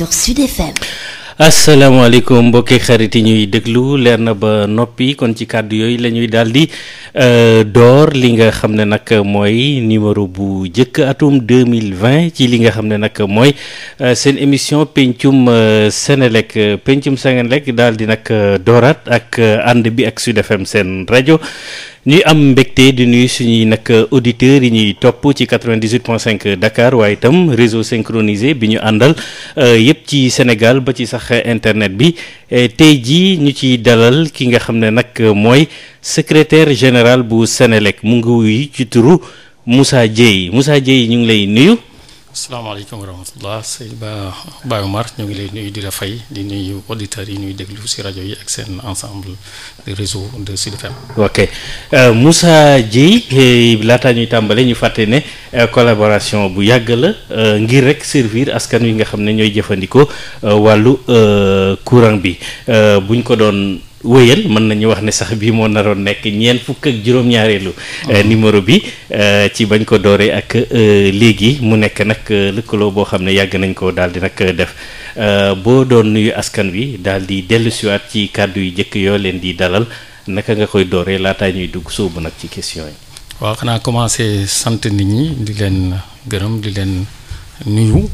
sur Sud FM. asalaamaaleykum xarit yi ñuy déglu leer na ba noppi kon ci kàddu yooyu la ñuy daal di euh, door li nga xam ne nag mooy numéro bu njëkk atum 2020 ci li nga xam ne nag mooy euh, seen émission pencum euh, Senelec pencum Senelec daal di nag dooraat ak ànd bi ak Sud FM seen rajo. ñuy am mbégte di nuyu suñuy nag auditeurs yi ñuy topp ci 98.5 Dakar waaye itam réseau synchronisé bi ñu àndal euh, yëpp ci Sénégal ba ci sax internet bi tey jii ñu ci dalal ki nga xam ne nag mooy secretaire général bu Sénélec mu ngi wuy ci turu Moussa Dieye Moussa yi ñu ngi lay nuyu. asalaamaaleykum wa rahmatullah sëñ Ba Baye Omar ñu ngi lay nuyu di la fay di nuyu auditeurs yi ñuy déglu si rajo yi ak seen ensemble de réseau de Sud FM. ok euh, Moussa Dieye euh, laataa ñuy tàmbale ñu fàtte ne euh, collaboration bu yàgg la ngir rek servir askan wi nga xam ne ñooy jëfandikoo wàllu courant bi buñ ko doon. wëyal mën nañu wax ne sax bii moo naroon nekk ñeent fukk ak juróom-ñaareelu euh, ah. numéro bi euh, ci bañ ko dooree ak euh, léegi mu nekk nag lëkkaloo boo xam ne yàgg nañ ko daal di nag def boo doon nuyu askan wi daal di dellusiwaat ci kàddu yi njëkk yoo leen di dalal naka nga koy dooree laataa ñuy dugg sóobu nag ci question yi. waaw xanaa commencé sant nit ñi di leen gërëm di leen nuyu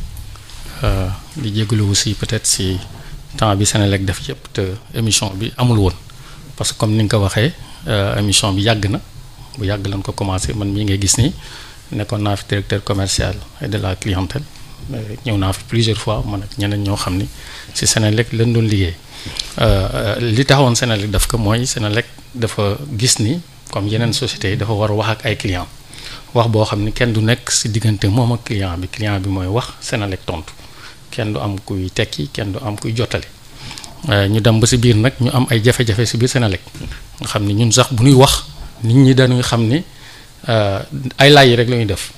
di jégalu aussi peut si. temps bi Senelec def yëpp te émission bi amul woon parce que comme ni nga ko waxee euh, émission bi yàgg na bu yàgg lañ ko commencé man mii ngay gis nii nekkoon naa fi directeur commercial et de la clientèle ñëw naa fi plusieurs fois man ak ñeneen ñoo xam ni ci Senelec lañ doon liggéey euh, li taxawoon Senelec def ko mooy Senelec dafa gis ni comme yeneen sociétés yi dafa war a wax ak ay client wax boo xam ni kenn du nekk si diggante moom ak client bi client bi mooy wax Senelec tontu. kenn du am kuy tekki kenn du am kuy jottale jottali euh, ñu dem ba si biir nag ñu am ay jafe-jafe si biir Senelec nga xam ni ñun sax bu ñuy wax nit ñi dañuy xam ni euh, ay lay yi rek la ñuy def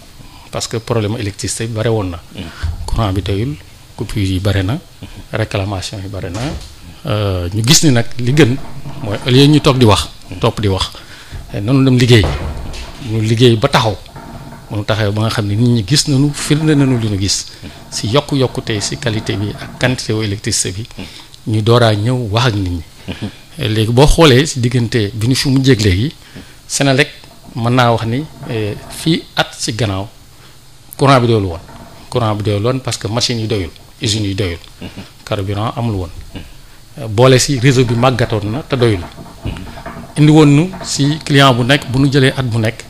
parce que problème électricité bi bare woon na courant bi doyul coupure yi bare na réclamation yi bare na euh, ñu gis ni nag li gën mooy au ñu toog di wax topp di wax noonu dem liggéey ñu liggéey ba taxaw mu taxaw ba nga xam ne nit ñi gis nañu firnde nañu li ñu gis si yokk yokkute tey si qualité bi ak quantité wu électricité bi ñu dooraa ñëw wax ak nit ñi léegi boo xoolee si diggante bi ñu fi mu jéeg léegi Senelec mën naa wax ni eh, fii at si gannaaw courant bi doyul woon courant bi doyul woon parce que machines yi doyul usines yi doyul carburant amul woon boole si réseau bi màggatoon na te doyul indi woon nu si client bu nekk bu nu jëlee at bu nekk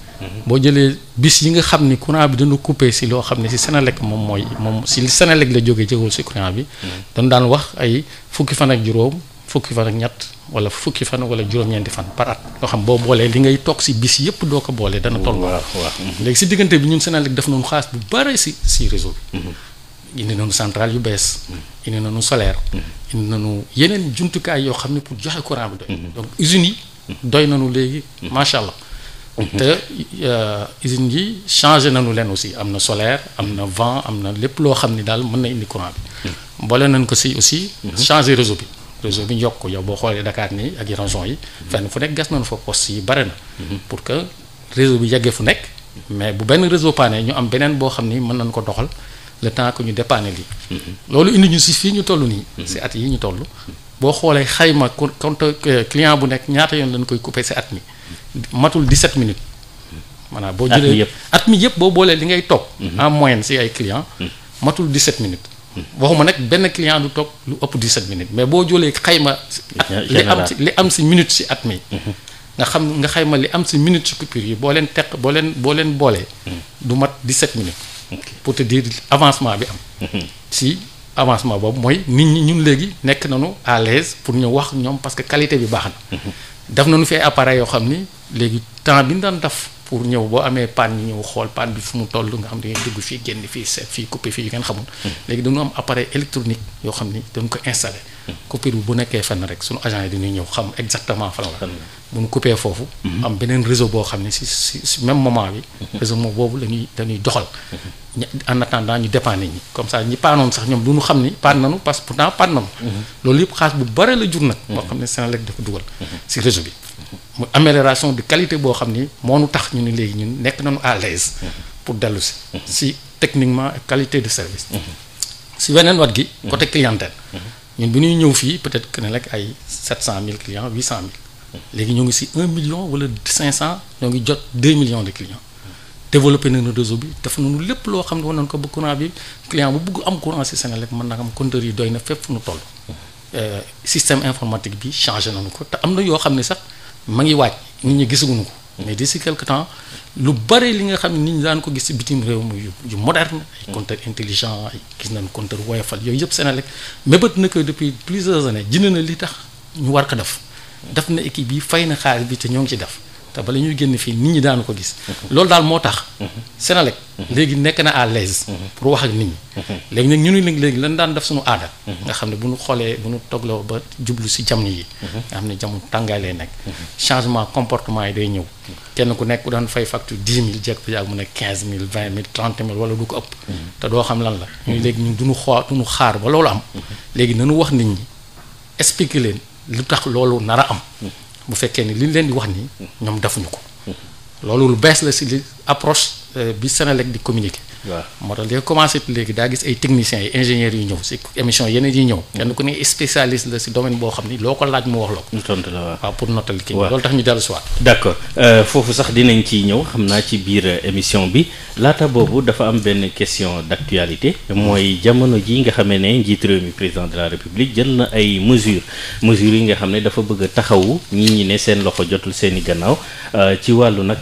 boo jëlee bis yi nga xam ni courant bi dana coupé si loo xam ne si Senelec moom mooy moom si Senelec la jógee jëwul si courant bi mm-hmm. dañ daan wax ay fukki fan ak juróom fukki fan ak ñett wala fukki fan wala juróom-ñeenti fan par at xam boo boolee li ngay toog si bis yëpp doo ko boolee dana toll mm-hmm. léegi si diggante bi ñun Senelec def noonu xaas bu bare si si réseau bi mm-hmm. indi nañu centrale yu bees indi nañu solaire indi nu yeneen jumtukaay yoo xam ne pour joxe courant bi doy donc usines yi doy léegi macha te euh, usines yi changé nañu leen aussi am na solaire am na vent am na lépp loo xam ni daal mën na indi courant bi. Mm. boole nañ ko si aussi. Mm-hmm. changé réseau bi. réseau bi yokk ko yow boo xoolee dakaat nii ak yi régions yi. Mm-hmm. fenn fu nekk gas nañu fa poste yi bare na. Mm-hmm. pour que réseau bi yeggee fu nekk. mais bu benn réseau yi ñu am beneen boo xam ni mën nañ ko doxal le temps que ñu dépanne lii. loolu indi ñu si fii ñu toll nii. si at yi ñu toll. boo xoolee xayma compte euh, client bu nekk ñaata yoon lañ koy couper si at mi matul 17 minutes maanaam boo jëlee at mi yëpp boo boolee li ngay toog mhm. en moyenne si ay client mhm. matul 17 minutes mhm. waxuma nag benn client du toog lu ëpp 17 minutes mais boo joolee xayma at li am si li si minute si at mi nga xam nga xayma li am si minute si coupure yi boo leen teq boo leen boo leen boolee du mat 17 minutes pour te dire avancement bi am si avancement boobu mooy nit ñi ñun léegi nekk nañu à l'aise pour ñu wax ñoom parce que qualité bi baax na. Mhm. daf nañu fi ay yoo xam ni léegi temps bi ñu daan def pour ñëw boo amee panne ñu ñëw xool panne bi fu mu toll nga xam ne dugg fii génn fii seet fii coupé fii yu ngeen xamul. Mhm. léegi dañu am appareil électronique yoo xam ni dañu ko installé. coupure bi bu nekkee fenn rek sunu agent yi dañuy ñëw xam exactement fan la. bu ñu coupé foofu. Mhm. am beneen réseau boo xam ne si si même moment bi. Mhm. réseau moom boobu la ñuy la doxal. Mhm. ñu en attendant ñu dépanner comme ça ñi paanoon sax ñoom du ñu xam ni paan nañu parce que pourtant paan nañu. loolu yëpp xaas bu bare la jur nag. boo xam ne Senelec dafa dugal. si réseau bi. mu amélioration de qualité boo xam ni moo nu tax ñu ni léegi ñun nekk nañu à l'aise pour dellu si. si techniquement qualité de service. si weneen wat gi. côté ñun bi ñuy ñëw fii peut-être que ne rek ay 700000 clients 800000 léegi ñoo ngi si 1 million wala 500 ñoo ngi jot 2 millions de clients développé nañu réseau bi def nañu lépp loo xam ne war nañ ko ba courant bi client bu bugg am courant si Senelec mën na am compteur yi doy na fépp fu nu toll. Euh, système informatique bi changé nañu ko te am na yoo xam ne sax ma ngi waaj nit ñi gisaguñu ko. mais d'ici quelque temps lu bare li nga xam ne nit ñi daan ko gis ci bitim réew mi yu yu moderne ay mm. compteur intelligent ay gis nañ compteur woyofal yooyu yëpp Senelec mébét na ko depuis plusieurs années jënd na li tax ñu war ko def mm. def na équipe yi fay na xaalis bi te ñoo ngi ci def te bala ñuy génn fii nit ñi daanu ko gis. loolu daal moo tax. Senelec léegi nekk na à l'aise pour wax ak nit ñi. léegi nag ñu ne léegi lan daan def suñu aada. nga xam ne bu ñu xoolee bu ñu togloo ba jublu si jamono yi. nga xam ne jamono tàngaay lay nekk. changement comportement yi day ñëw. kenn ku nekk ku daan fay facture dix mille jekk bi ak mu ne quinze mille vingt mille trente mille wala du ko ëpp. te doo xam lan la. ñu léegi ñu duñu xoo duñu xaar ba loolu am. léegi nañu wax nit ñi expliquer lu tax loolu nar a am. bu fekkee ni li leen di wax nii ñoom defuñu ko loolu lu bees la si li approche Euh, bi Senelec di communiquer. waaw moo tax léegi commencé léegi daa gis ay techniciens yi ingénieurs yu ñëw si émission yeneen yi ñëw. kenn ku ne spécialiste la si domaine ni loo ko laaj mu wax la ko. ñu tontu la waaw pour notal kii. waaw loolu tax ñu dellu si waat. d' accord euh, foofu sax xam naa ci biir euh, émission bi laata boobu dafa am benn question d' actualité. mooy jamono ji nga xamee ne njiit réew mi président de la république jël na ay mesures mesures yi nga xam ne dafa bëgg a taxawu ñi ñi ne seen loxo jotul seen i gannaaw ci wàllu nag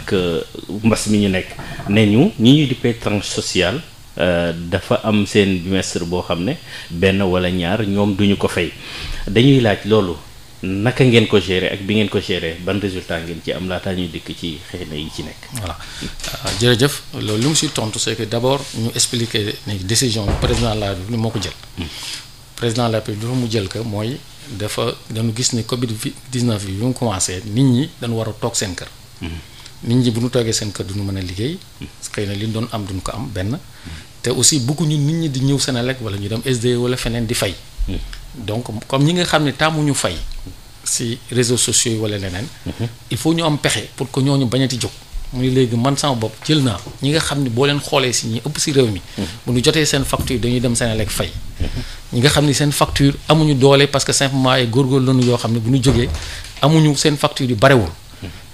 mbas mi ñu nekk ne ñu ñi ñuy dippee tranche sociale euh, dafa am seen bimestre boo xam ne benn wala ñaar ñoom duñu ko fay dañuy laaj loolu naka ngeen ko gérer ak bi ngeen ko gérer ban résultat ngeen ci am laataa ñuy dikk ci xëy na yi ci nekk. voilà euh, jërëjëf loolu lu mu si tontu c'est que ñu expliquer ni décision président la République moo ko jël. Hmm. président de la mu jël ko mooy dafa dañu gis ni Covid 19 bi bi mu commencé nit ñi dañu war a toog seen kër. Hmm. nit ñi bu ñu toogee seen kër duñu mën a liggéey xëy na li ñu doon am duñu ko am benn te aussi bëgguñu nit ñi di ñëw seen Senelec wala ñu dem sd e wala feneen di fay donc comme ñi nga xam ne tàmmuñu fay si réseaux sociaux wala leneen il faut ñu am pexe pour que ñooñu bañati jóg mu ne léegi man sama bopp jël naa ñi nga xam ne boo leen xoolee si ñi ëpp si réew mi bu ñu jotee seen facture dañuy dem seen Senelec fay ñi nga xam ne seen facture amuñu doole parce que simplement ay góorgóorlu lañu yoo xam ne bu ñu jógee amuñu seen facture yu barewul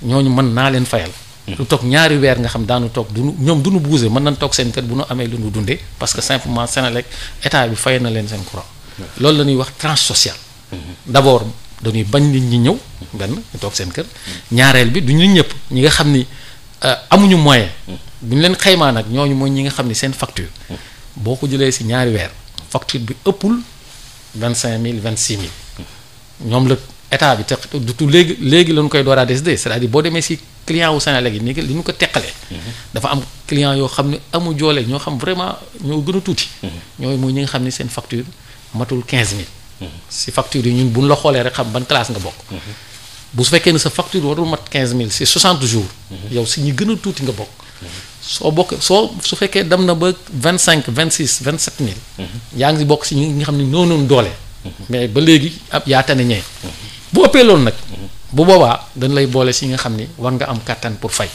ñooñu mën naa leen fayal. Hmm. lu toog ñaari weer nga xam daanu toog du nu ñoom du nu bougé mën nañ toog seen kër bu nu amee lu nu dundee parce que simplement Senelec état bi fay na leen seen courant. Hmm. loolu la ñuy wax tranche sociale. Hmm. d'abord dañuy bañ nit ñi ñëw benn ñu toog seen kër. ñaareel bi du ñu ñëpp ñi nga xam ni euh, amuñu moyen. bu ñu leen xaymaa nag ñooñu mooy ñi nga xam ni seen facture. boo ko jëlee si ñaari weer. facture bi ëppul vingt cinq mille vingt six mi ñoom état bi te du léegi léegi lañu koy door a décider c'est-à-dire boo demee si client wu Sénégal yi ni li ñu ko teqalee mm-hmm. dafa am client yoo xam ne amu joolee ñoo xam vraiment ñoo gën a tuuti mm-hmm. ñooy mooy ñi nga xam ne seen facture matul 15000 si mm-hmm. facture yi ñun buñ la xoolee rek xam ban classe nga bokk bu su fekkee ne sa facture warul mat mille si 60 jours yow si ñi gën a tuuti nga bokk soo bokk soo su fekkee dem na ba cinq 25 26 27000 yaa ngi bokk si ñi nga xam ne noonu doole bu ëppee loolu nag bu boobaa dañ lay boole si nga xam ni war nga am kàttan pour fay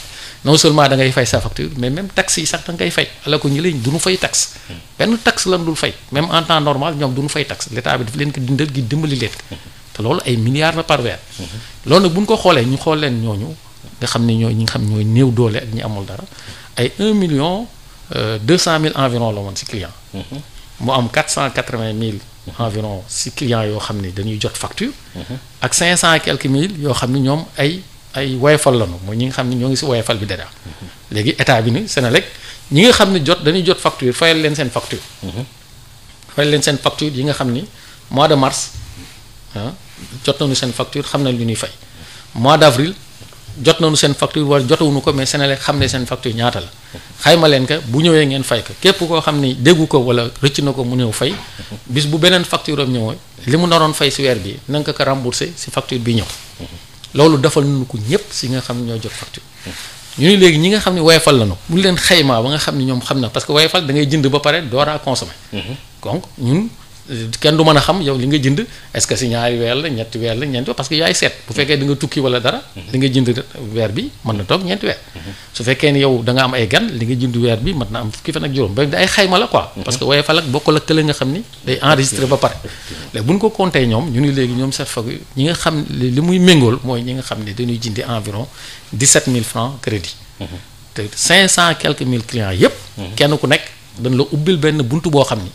non seulement da ngay fay sa facture mais même taxe yi sax da ngay fay ala ko ñi lañ du ñu fay taxe benn tax lan dul fay même en temps normal ñoom du ñu fay taxe l'état bi daf leen ko dindal gi dimbali leen te loolu ay milliards la par weer loolu nag bu ñu ko xoolee ñu xool leen ñooñu nga xam ne ñooy ñi nga xam ñooy néew doole ak ñi amul dara ay 1 million 200 euh, mille environ la woon si client mhm. mu am 480 mille environ si clients yoo xam ni dañuy jot facture. ak cinq cent et mille yoo xam ni ñoom ay ay woyofal lañu mooy ñi nga xam ni ñoo ngi si woyofal bi dara. léegi état bi ni Senelec ñi nga xam ni jot dañuy jot facture fayal leen seen facture. fayal leen seen facture yi nga xam ni mois de mars ah jot nañu seen facture xam nañ lu ñuy fay mois d' avril. jot nañu seen facture war jotawuñu ko mais Senelec xam ne seen facture ñaata la xayma leen ka bu ñëwee ngeen fay ko képp koo xam ni déggu ko wala rëcc na ko mu ñëw fay bis bu beneen facture am ñëwoo li mu naroon fay si weer bi na nga ko remboursé si facture bi ñëw loolu defal nañu ko ñëpp si nga xam ñoo jot facture ñu ni léegi ñi nga xam fal la lañu bu leen xaymaa ba nga xam ne ñoom xam na parce que wayfal da ngay jënd ba pare door a consommer mhm. kenn du mën a xam yow li nga jënd est-ce que si ñaari weer la ñetti weer la ñeenti parce que yaay seet bu fekkee da nga tukki wala dara mhm. li nga jënd weer bi mën na toog ñeenti weer mhm. su fekkee ni yow da am ay gan li nga jënd weer bi mën na am fukki fan ak juróom ba ay xayma la quoi mhm. parce que waaye falak bokkul ak kële nga xam ni day enregistré ba pare léegi bu ñu ko compté ñoom ñu ni léegi ñoom seet fag ñi nga xam li muy méngool mooy ñi nga xam ne dañuy jëndi environ 17000 francs crédit te 500 quelques mille clients yépp kenn ku nekk dañ la ubbil benn buntu boo xam ni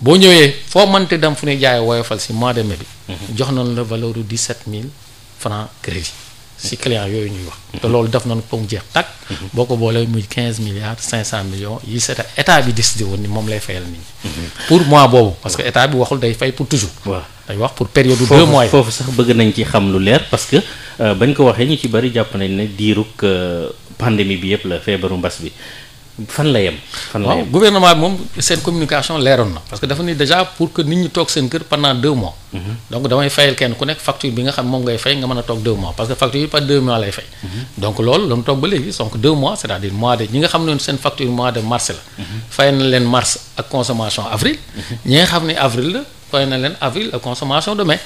boo ñëwee foo mënti dem fu ñuy jaay woyofal si mois de mais bi. Mhm. jox nañ la valeur bu 17000 francs crédit. si client yooyu ñuy wax. te loolu def nañ ko mu jeex tàkk. Mhm. boo ko boolee muy 15 milliards 500 millions yi c'est état bi décidé woon ni moom lay fayal nii mhm. pour mois boobu parce que état bi waxul day fay pour toujours. waaw day wax pour période. deux mois yi foofu sax bëgg nañ ci xam lu leer parce que euh, bañ ko waxee ñu ci bari jàpp nañ ne diirug euh, pandémie bi yëpp la feebaru mbas bi. fan la yem. fan moom seen communication leeroon na parce que dafa ni déjà pour que nit ñi toog seen kër pendant deux mois. Mhm. donc damay fayal kenn ku nekk facture bi nga xam moom ngay fay nga mën a toog deux mois parce que facture yi par deux mois lay fay. Mhm. donc loolu la toog ba léegi donc deux mois c'est-à-dire mois de ñi nga xam ne seen facture mois de mars la. Mhm. fay na leen mars ak consommation avril. ñi nga xam ne avril la. fay na leen avril la consommation de mai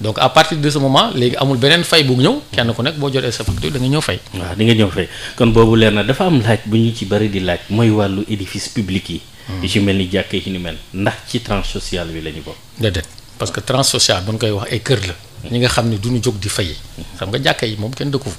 donc à partir de ce moment léegi amul beneen fay bu ñëw kenn ku nekk boo jotee sa facture da ñëw fay. waaw di nga ñëw fay kon boobu leer na dafa am laaj bu ñu ci bëri di laaj mooy wàllu édifice public yi. Hmm. di ci mel ni jàkkee ci ni mel ndax ci tranche social bi la ñu bokk. déedéet parce que tranche sociale bu ñu koy wax ay kër la. Hmm. ñi nga xam ne du ñu jóg di fay. Hmm. xam nga jàkkee yi moom kenn dëkku fa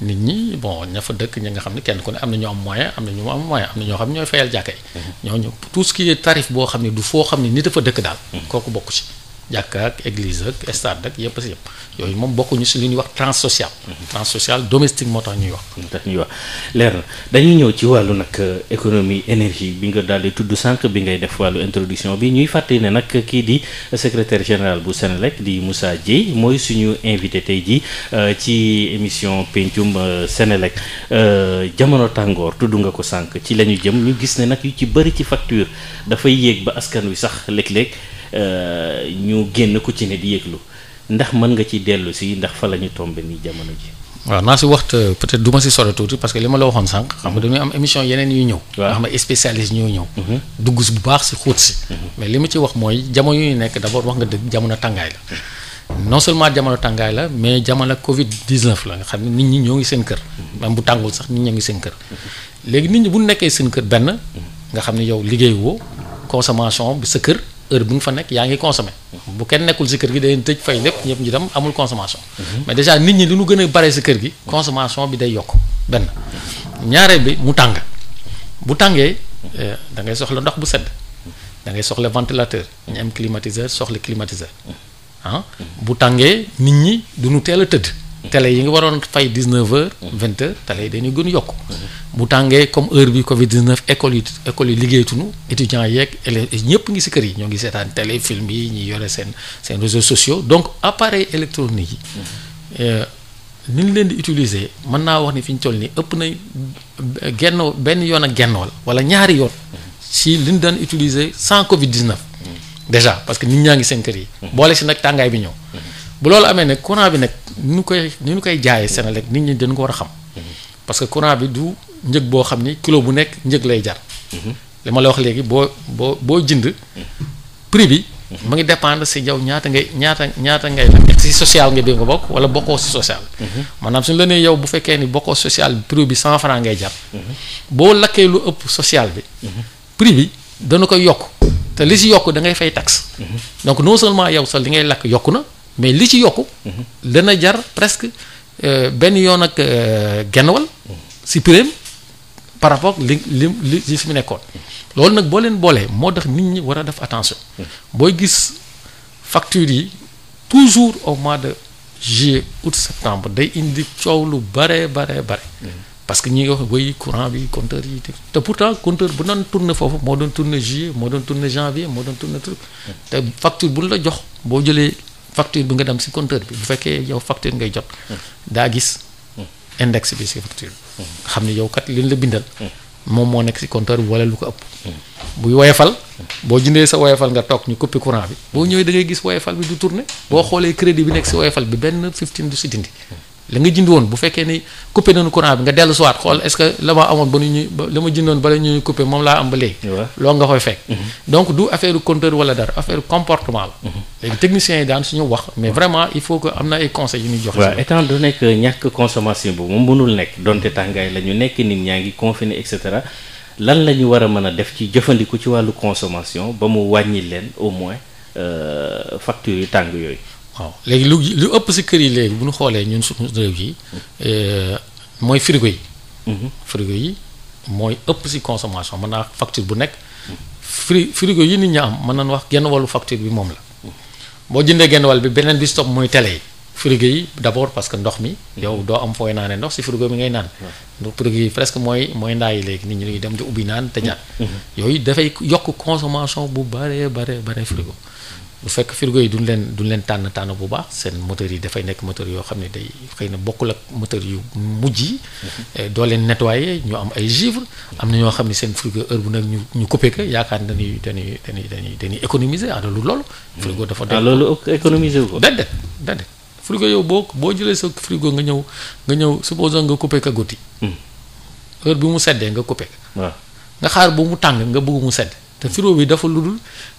nit ñi bon ña fa dëkk ñi nga xam ne kenn ku ne am na ñoo am moyen am na ñu am moyen am na ñoo xam ne ñooy fayal jàkka yi mhm. ñooñu tout ce qui est boo xam ne du foo xam ne nit a fa dëkk daal mhm. kooku bokk ci jàkka ak église ak stade ak yëpp si yëpp yooyu moom bokkuñu si li ñuy wax transsocial. Mhm. social domestique moo tax ñuy wax. moo tax ñuy wax leer na dañuy ñëw ci wàllu nag euh, économie énergie bi nga daal di tudd sànq bi ngay def wàllu introduction bi ñuy fàttali ne nag kii di secrétaire général bu Senelec di Moussa Dieye mooy suñu invité tey jii euh, ci émission pencum euh, Senelec jamono tàngoor tudd nga ko sànq ci la ñu jëm ñu gis ne nag yu ci bëri ci facture dafay yéeg ba askan wi sax léeg-léeg. Euh, ñu génn ku ci ne di yëglu ndax mën nga ci dellu si ndax fa la ñu tombé nii jamono ji. waaw naa si waxta peut-être du ma si sore tuuti parce que li ma la waxoon sànq. xam nga dañuy am émission yeneen yu ñëw. waaw nga xam ne spécialiste ñoo ñëw. Mhm. dugg si bu baax si xóot si. Mhm. mais li ma ci wax mooy jamono yu nekk d'abord wax nga dëgg jamono tàngaay la mhm. non seulement jamono tàngaay la mais jamono Covid 19 la nga xam ne nit ñi ñoo ngi seen kër. même bu tàngul sax nit ñi ngi seen kër. léegi nit ñi bu nekkee seen kër benn. nga xam ne yow liggéey woo consommation bi sa kër. heure bu nga fa nekk yaa ngi consommé bu kenn nekkul si kër gi day tëj fay lépp ñëpp ñu dem amul consommation mhm. mais déjà nit ñi lu ñu gën a bare si kër gi consommation bi day yokk benn ñaareel bi mu tàng bu tàngee eh, da ngay soxla ndox bu sedd da ngay soxla ventilateur ñu am climatiseur soxla climatiseur ah mhm. bu tàngee nit ñi du nu teel a tëdd télé yi nga waroon fay dix neuf heures. Mm-hmm. vingt yi dañuy gën yokk. Mm-hmm. bu tàngee comme heure bi Covid dix école yi école nu liggéeyatuñu étudiants yeeg ñëpp ngi si kër yi ñoo ngi seetaan télé film yi ñi yore seen seen réseaux sociaux donc appareil électronique yi. Mm-hmm. Euh, ni ñu leen di utiliser mën naa wax ni fi ñu toll nii ëpp na genn benn yoon ak genn wal wala ñaari yoon. si li ñu daan utiliser sans Covid dix neuf. déjà parce que nit ñaa ngi seen kër yi. boole si nag tàngaay bi ñëw. bu loolu amee ne courant bi nag ni ñu koy ni ñu koy jaayee Senelec nit ñi dañ ko war a xam parce que courant bi du njëg boo xam ni kilo bu nekk njëg lay jar li ma la wax léegi boo boo boo jënd prix bi mu ngi dépendre si jaw ñaata ngay ñaata ñaata ngay nag si social nga bëgg nga bokk wala bokkoo si social maanaam suñu la nee yow bu fekkee ni bokkoo social prix bi cent franc ngay jar boo lakkee lu ëpp social bi prix bi dana koy yokk te li si yokk da ngay fay taxe donc non seulement yow sax li ngay lakk yokku na mais li ci yokku mhm. dana jar presque euh, benn yoon ak euh, genn wal si prime par rapport li li li li nekkoon loolu nag boo leen boolee moo tax nit ñi war a def attention mhm. booy gis facture yi toujours au mois de juillet août septembre day indi coow lu bare bare bare mhm. parce que ñi ngi wax woy courant bi compteur yi te pourtant compteur bu doon tourner foofu moo doon tourner juillet moo doon tourner janvier moo doon tourner truc te facture bu la jox boo jëlee facture bi nga dem si compteur bi bu fekkee yow facture ngay jot daa gis index bi si facture bi xam ne yow kat liñ la bindal moom moo nekk si compteur bi wala lu ko ëpp buy woyefal boo jëndee sa woyefal nga toog ñu coupé courant bi boo ñëwee da ngay gis woyefal bi du tourné boo xoolee crédit bi nekk si woyefal bi benn 15 du si dindi la nga jënd woon bu fekkee ni coupé nañu courant bi nga dellu siwaat xool est-ce que la ma amoon ba nu ñuy la ma jëndoon bala ñuy coupé moom laa am ba léegi. loolu nga koy fekk. Mhm. donc du affaire compteur wala dara affaire comportement la. Mhm. léegi yi daan suñu wax mais vraiment il faut que am na ay conseils yu ñuy joxe. waaw étant donné que ñàkk consommation boobu moom mënul nekk donte tàngaay la ñu nekk nit ñaa ngi confine et cetera lan la ñu war a mën a def ci jëfandiku ci wàllu consommation ba mu wàññi leen au moins euh, factures yu tàng yooyu. waaw léegi lu lu ëpp si kër yi léegi bu ñu xoolee ñun suñu réew yi euh, mooy frigo yi. Mhm. frigo yi mooy ëpp si consommation man naa facture bu nekk. fri frigo yi nit ñi am mën naan wax genn wàllu facture bi moom la. Mhm. boo jëndee genn wàll bi beneen bi stop mooy tele yi. frigo yi d'abord parce que ndox mi yow doo am fooy naanee ndox si frigo bi ngay naan ndox frigo yi presque mooy mooy ndaayi léegi nit ñi dañuy dem di ubbi naan te ñaan mm-hmm. mm-hmm. yooyu dafay yokk consommation bu bare bare bare frigo bu fekk frigo yi duñ leen duñ leen tànn tànn bu baax seen moteurs yi dafay nekk moteurs yoo xam ne day xëy na bokkul ak moteurs yu mujj yi mm-hmm. eh, doo leen nettoyer ñu am ay givre am na ñoo xam ne seen frigo heure bu nag ñu ñu coupé ko yaakaar dañuy dañuy dañuy dañuy dañuy économiser frigo yow boo boo jëlee sa frigo nga ñëw nga ñëw supposons nga couper ka goti hmm. heure bi mu seddee nga couper waaw nga xaar bu mu tàng nga bëgg mu sedd te frigo bi dafa ludul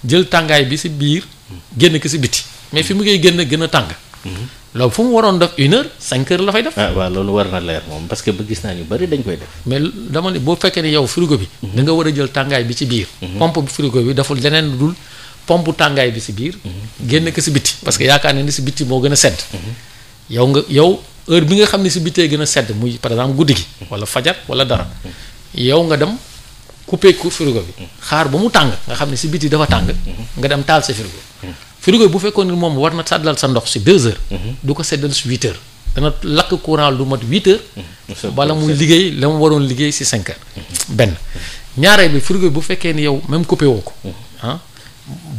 jël tàngaay bi si biir génn ki si biti mais fi mu ngay génn gën a tàng hmm. loolu fu mu waroon def une heure cinq heures la fay def. waa ah, waaw loolu war na leer moom parce que ba gis naa ñu bari dañ koy def. mais dama ne boo fekkee ne yow frigo bi. Hmm. da war a jël tàngaay bi ci biir. pompe frigo bi dafa pomp tàngaay bi si biir génn ko si bitti parce que yaakaar ne ni si bitti moo gën a sedd yow nga yow heure bi nga xam ne si bittee gën a sedd muy par exemple guddi gi wala fajar wala dara yow nga dem couper ko frigo bi xaar ba mu tàng nga xam ne si bitti dafa tàng nga dem taal sa frigo frigo bu fekkoon ni moom war na sàddal sa ndox si deux heures du ko seddal si huit heures dana lakk courant lu mat huit heures bala mu liggéey la mu waroon si cinq heures benn ñaareel bu fekkee ni yow même couper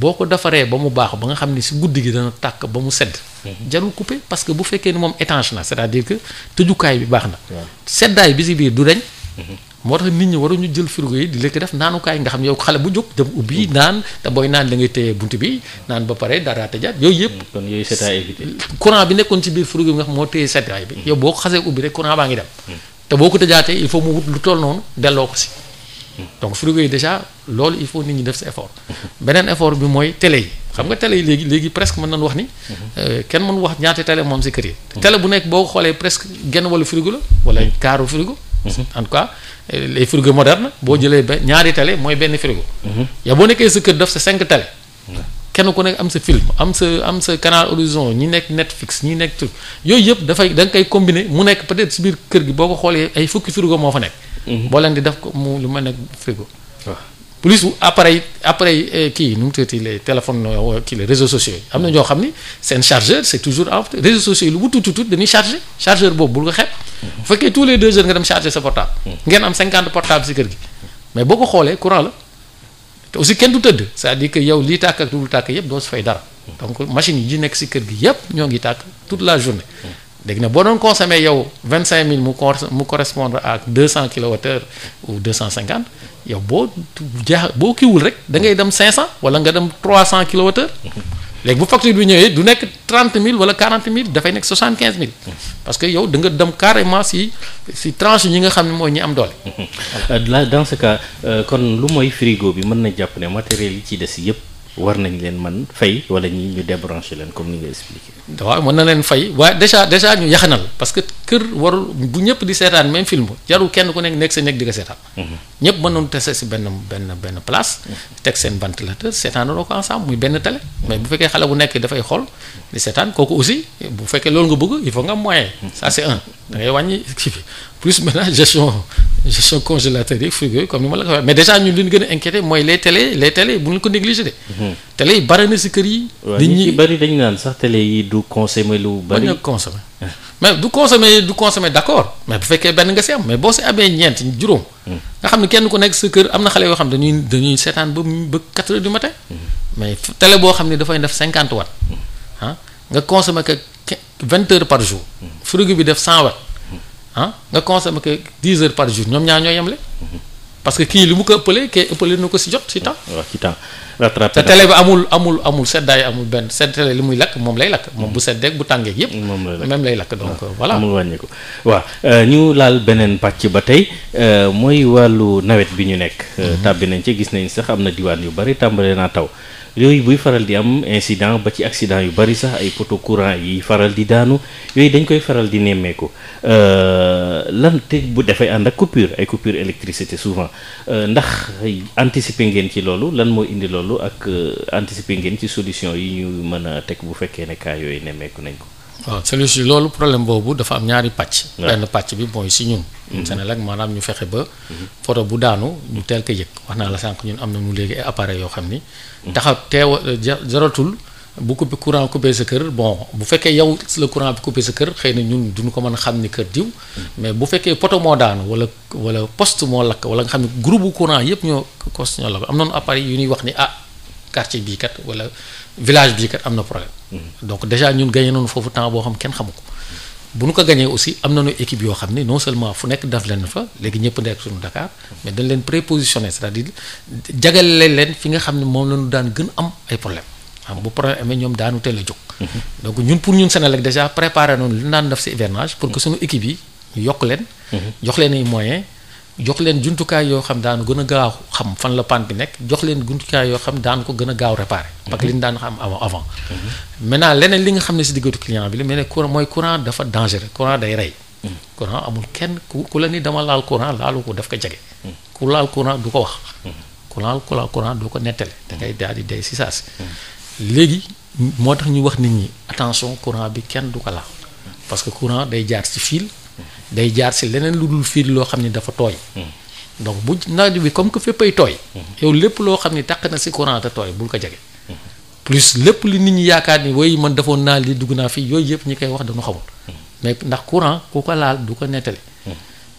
boo ko defaree ba mu baax ba nga xam ni si guddi gi dana tàkk ba mu sedd. Mhm. jarul coupé parce que bu fekkee ni moom étanche na c'est-à-dire que tëjukaay bi baax na. seddaay bi si biir du dañ. Mhm. moo tax nit ñi waruñu jël frigo yi di lekk def naanukaay nga xam yow xale bu jóg dem ubbi mhm. naan te booy naan la ngay bunt bi naan ba pare dara tëjaat yooyu yëpp. Mm, kon yooyu courant bi nekkoon ci biir frigo bi nga xam moo téye seddaay bi. Mm. yow boo ko xasee ubbi rek courant baa ngi mm. boo ko tëjaatee il faut mu wut lu toll noonu ko si. donc frigo yi déjà loolu il faut nit ñi def si effort beneen effort bi mooy télé yi xam nga télé yi léegi léegi presque mën nañu wax ni euh, kenn mënu wax ñaata télé moom si kër yi mhm. télé bu nekk boo xoolee presque genn wala frigo la wala kaaru mhm. frigo mhm. en tout cas euh, les boo jëlee ba ñaari télé mooy benn frigo yow boo nekkee sa kër def sa cinq télé kenn ku nekk am sa film am sa am sa canal horizon ñi nekk Netflix ñi nekk truc yooyu yëpp dafay da nga koy combiner mu nekk peut-être gi boo xoolee ay fukki frigo moo fa Mhm. boo leen di def ko mu lu mel ne frigo. waaw ah. plus appareil appareil eh, kii nu mu tuddati les téléphones euh, kii les réseaux sociaux yi am na ñoo xam ni seen chargeur c' toujours en réseaux sociaux yi lu wut tuuti tuuti dañuy chargé chargeur boobu bul ko xeeb. bu mhm. fekkee tous les deux heures nga dem chargé sa portable. Mhm. ngeen am cinquante portable si kër gi. mais boo ko xoolee courant la te aussi kenn du tëdd c' est à dire que yow lii tàkk ak lu dul tàkk yëpp doo si fay dara donc machine yi nekk si kër gi yëpp ñoo ngi tàkk toute la journée. léegi nag boo doon consommer yow vingt cinq mille mu mu correspondre à deux cent kilowattheures ou deux cent cinquante yow boo jaax boo kiiwul rek da ngay dem cinq cent wala nga dem trois cent kilowattheures léegi bu facture bi ñëwee du nekk trente mille wala quarante mille dafay nekk soixante quinze mille parce que yow da nga dem carrément si si tranche ñi nga xam ne mooy ñi am doole. là dans ce euh, kon lu mooy frigo bi mën na jàpp ne matériel yi ci des yëpp war nañ leen man fay wala ñi ñu débranché leen comme ni nga expliqué. waaw mën na leen fay waaye déjà déjà ñu yaxanal parce que kër warul bu ñëpp di seetaan même film jarul kenn ku nekk nekk sa nekk di seetaan. Mhm. ñëpp mën nañu tese benn benn benn place. Mhm. seen ventilateur seetaanaloo ko ensemble muy benn télé. mais bu xale bu nekk dafay xool di seetaan aussi bu fekkee loolu nga a inquiété mooy les télé les bu ñu ko négligé de. Mhm. télé yi bare na si kër yi. nit ñi bari dañu naan sax télé yi du consommer lu bari. ba a consommer mais du consommer du consommer d'accord mais bu fekkee benn nga si am mais boo si amee ñeent juróom. nga xam ne kenn ku nekk sa kër am na xale yoo xam dañuy dañuy seetaan ba ba quatre heures du matin. mais télé boo xam ne dafay def cinquante watt ah nga consommer que vingt heures par jour. frigo bi def cent watt ah nga consommer que dix heures par jour ñoom ñaar ñoo yemle. parce que kii li mu ko ëppale na ko si jot si temps. waaw rattrapé te télé bi amul amul amul seddaay amul benn sedd télé li muy lakk moom lay lakk. moom bu seddeeg bu tàngee yëpp. Mm, moom lay lakk même lay lakk donc voilà. amul wàññiku waaw euh, ñu laal beneen pàcc ba tey euh, mooy wàllu nawet bi ñu nekk. Euh, mm-hmm. tàbbi nañ ci gis nañ sax am na diwaan yu bari tàmbale naa taw. yooyu buy faral di am incident ba ci accident yu bari sax ay poto courant yi faral di daanu yooyu dañ koy faral di nemmeeku euh, lan teg bu dafay ànd ak coupure ay coupure électricité souvent euh, ndax anticiper ngeen ci loolu lan moo indi loolu ak euh, anticiper ngeen ci solution yi ñu mën a teg bu fekkee nekka yooyu nemmeeku nañ ko waaw solution loolu problème boobu dafa am ñaari pàcc. benn pàcc bi mooy si ñun. Senelec mhm. maanaam ñu fexe ba. Mhm. poto bu daanu ñu teel ko yëg wax naa la sànq ñun am na mu léegi ay appareils yoo xam ni. Mhm. taxaw teewa euh, jaratul bu coupé courant coupé sa kër bon bu fekkee yow la courant bi coupé sa kër xëy na ñun duñu ko mën a xam ni kër diw. mais bu fekkee photo moo daanu wala wala poste moo lakk wala nga xam ne groupe courant yëpp ñoo poste la lakk am noonu appareil yu ñuy wax ni ah quartier bii kat wala. village bii kat am na problème. Mm-hmm. donc déjà ñun gagné nañu foofu temps boo xam kenn xamu ko. bu nu ko gagné aussi am na nañu équipe yoo xam ne non seulement fu nekk daf leen fa léegi ñëpp nekk suñu Dakar mais dañ leen prépositionné c'est-à-dire leen fi nga xam ne moom la ñu daan gën am ay problème xam bu problème amee ñoom daanu teel a jóg. Mm-hmm. donc ñun pour ñun Sénégal déjà préparé noonu li naan daan def si hivernage. pour que mm-hmm. suñu équipe yi ñu yokk leen. jox leen ay moyens. jox leen jumtukaay yoo xam daan gën a gaaw xam fan la panne bi nekk jox leen jumtukaay yoo xam daan ko gën a gaaw réparer. Mhm. parce que li ñu daan xam avant avant. Mhm. maintenant leneen li nga xam ne si diggatu client bi la mais ne courant mooy courant dafa dangereux courant day rey. Mhm. courant kenn ku ku la ni dama laal courant laalu ko daf ko jege. ku laal courant du ko wax. ku laal ku laal courant du ko nettale. da ngay daal di dee si saasi. léegi moo tax ñu wax nit ñi attention courant bi kenn du ko laal. parce que courant day jaar ci fil. day jaar si leneen lu dul fiir loo xam ni dafa tooy. donc bu nawet bi comme que féppay tooy. yow lépp loo xam ni taq na si courant te tooy bul ko jege. plus lépp li nit ñi yaakaar ni way man defoon naa li dugg naa fii yooyu yëpp ñi koy wax dañu xamul. mais ndax courant ku ko laal du ko nettali.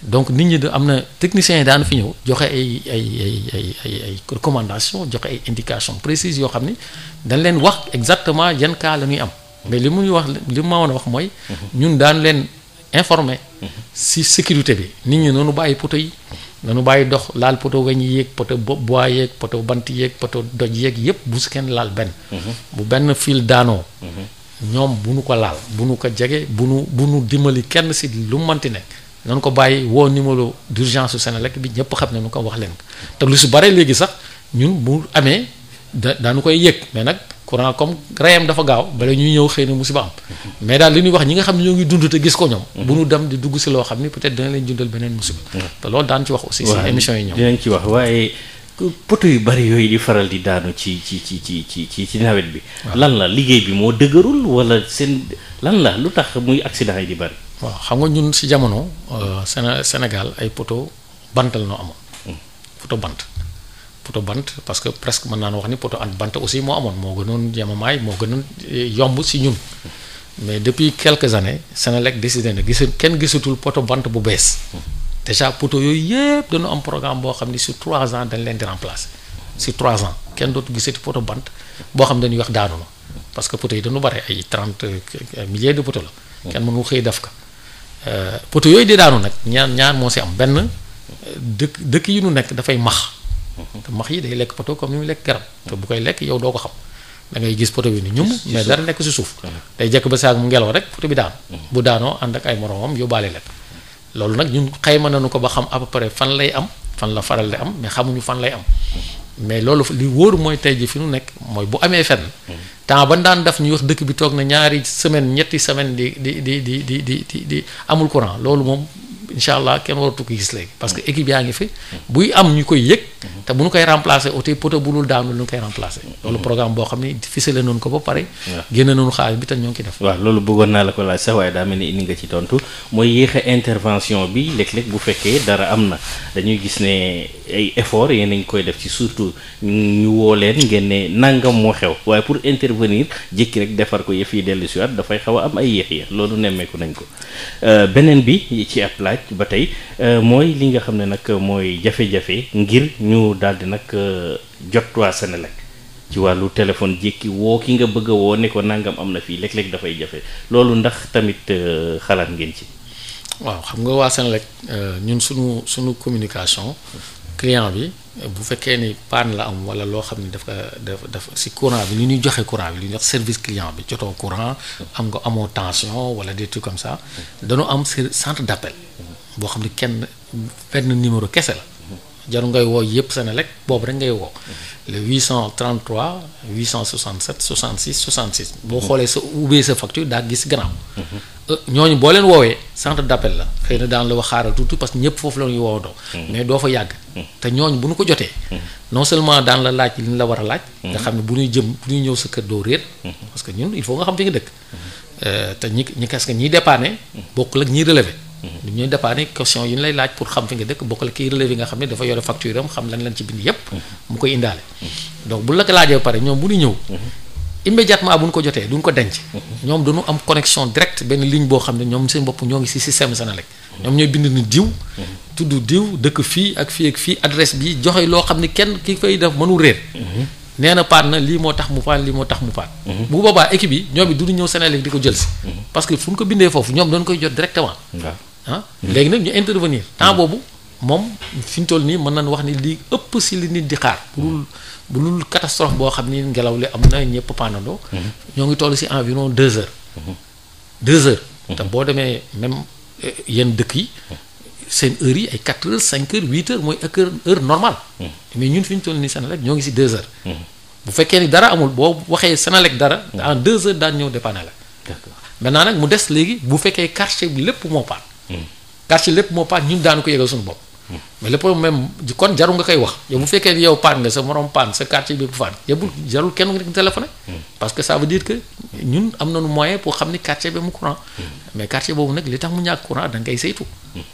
donc nit ñi da am na techniciens yi daan fi ñëw joxe ay ay ay ay ay ay recommandation joxe ay indication précise yoo xam ni dañ leen wax exactement yan cas la ñuy am. mais li a wax mooy. ñun daan informé si sécurité bi nit ñi noonu bàyyi poto yi noonu bàyyi dox laal poto weñ yi yéeg poto bois yeeg poto bant yéeg poto doj yeeg yépp bu si kenn laal benn bu benn fil daanoo ñoom bu nu ko laal bu nu ko jege bu nu bu nu dimbali kenn si lu manti nekk noonu ko bàyyi woo numéro d'urgence su lekk bi ñëpp xam ne nu ko wax leen ko te lu si bare léegi sax ñun bu amee da daanu koy yëg mais nag courant comme reyam dafa gaaw bala ñuy ñëw xëy na musiba am mais daal li ñuy wax ñi nga xam ne ñoo ngi dund te gis ko ñoom bu ñu dem di dugg si loo xam ne peut-être dina leen jundal beneen musiba te loolu daan ci wax si émission yi ñoom dinañ ci wax waaye yu bari yooyu di faral di daanu ci ci ci ci ci ci ci nawet bi lan la liggéey bi moo dëgërul wala seen lan la lu tax muy accident yi di bari waaw xam nga ñun si jamono euh, Sénégal ay poto bant la noo amoon hmm. poto bant poto bant parce que presque mën naa wax ni poto ak bant aussi moo amoon moo gënoon yemamaay moo gënoon eh, yomb si ñun mais depuis quelques années Senelec décidé na gis kenn gisatul poto bant bu bees déjà poto yooyu yëpp dañu am programme boo xam ni sur trois ans dañ leen di remplacer sur trois ans kenn dootu gisati poto bant boo xam dañuy wax daanu na parce que poto yi dañu bare ay trente milliers de poto la. kenn mënu xëy def ko euh, poto yooyu de daanu nag ñaan ñaar moo si am benn dëkk dëkk yi ñu nekk dafay max. te max yi day lekk poto comme ni muy lekk garab te bu koy lekk yow doo ko xam da gis poto bi ni ñum mais dara nekk si suuf day jekk ba saag mu ngelaw rek poto bi daan mm-hmm. bu daanoo ànd ak ay moromam yóbbaale leen loolu nag ñun xayma nañu ko ba xam à peu près fan lay am fan la faral di am mais xamuñu fan lay am mm-hmm. mais loolu li wóor mooy tey ji fi nu nekk mooy bu amee fenn mm-hmm. temps ban daan def ñu wax dëkk bi toog na ñaari semaine ñetti semaine di di di di di di di amul courant loolu moom incha allah kenn waratu ko gis léegi parce que équipe yaa ngi fi buy am ñu koy yëg te bu ñu koy remplacer oti poto daanu lu ñu koy remplacer loolu mhm. programme boo xam ne ficelé noonu ko ba pare génne noonu xaalis bi te ñoo ngi ciy def waaw loolu bëggoon naa la ko laaj sax waaye daa mel ni indi nga ci tontu mooy yéex intervention bi léeg-léeg bu fekkee dara am na dañuy gis ne ay effort yéen a ngi koy def ci surtout ñu woo leen ngeen ne nangam moo xew waaye pour intervenir jékki rek defar ko yëf yi dellu siwaat dafay xaw am ay yéex yéex loolu nemmeeku nañ ko euh, laaj ba tey euh, mooy li nga xam ne nag mooy jafe-jafe ngir ñu daldi nag euh, jot waa lag ci wàllu téléphone jékki woo ki nga bëgg a woo ne ko nangam am na fii léeg-léeg dafay jafe loolu ndax tamit euh, xalaat ngeen ci. waaw xam nga waa Senelec ñun sunu sunu communication client bi bu fekkee ni panne la am wala loo xam ne daf ka daf daf si courant bi li ñuy joxe courant bi li ñuy wax service client bi jotoo courant am nga amoo tension wala des trucs comme ça dañoo am centre d'appel boo xam ne kenn benn numéro kese la jaru ngay woo yëpp Senelec boobu rek ngay woo le 833 867 66 66 boo xoolee sa ubbee sa facture daa gis gannaaw ñooñu boo leen woowee centre d'appel la xëy na daan la wax xaaral tuuti parce que ñëpp foofu la ñuy hmm. mais doo fa yàgg hmm. te ñooñu bu ñu ko jotee hmm. non seulement daan la laaj li la war a laaj nga xam ne bu ñuy jëm bu ñuy ñëw sa kër doo réer parce que ñun il faut nga xam fi nga dëkk euh, te ñi kas que ñiy dépanner bokkul ak ñiy relever du ñuy question yi ñu lay laaj pour xam fi nga dëkk bokkul ak kiy relever nga xam ne dafa yore facture xam lan lan immédiatement bu ñu ko jotee du ñu ko denc. Mhm. ñoom dañu am connexion directe benn ligne boo xam ne ñoom seen bopp ñoo ngi ci système Senelec. ñoom ñooy bind ni diw. Mhm. tudd diw dëkk fii ak fii ak fii adresse bi joxe loo xam ne kenn ki fay def mënul réer. Mhm. nee na paan na lii moo tax mu paan lii moo tax mu paan. bu boobaa équipe yi ñoom it du ñu ñëw Senelec di ko jël si. parce que fu ñu ko bindee foofu ñoom dañu koy jot directement. ah léegi nag ñu intervenir temps boobu moom fi ñu toll nii mën nañu wax ni lii ëpp ci li di bu lul catastrophe boo xam ni ngelaw li am na ñëpp paanandoo mhm. ñoo ngi toll si environ deux heures mhm. deux heures mhm. te boo demee même eh, yenn dëkk yi seen heures yi ay quatre heures cinq heures huit heures mooy ak heure normale mais ñun fi ñu toll nii Senelec ñoo ngi si deux heures bu fekkee ni dara amul boo waxee Senelec dara en deux heures daan ñëw dépanner la maintenant nag mu des léegi bu fekkee quartier bi lépp moo paan quartier lépp moo paan ñun daanu ko yegal suñu bopp mais le problème même kon jarul nga koy wax yow bu fekkee yow paan nga sa morom paan sa quartier bi bu paan yebul nga téléphoné parce que ça quartier bi mu courant mais quartier boobu nag bu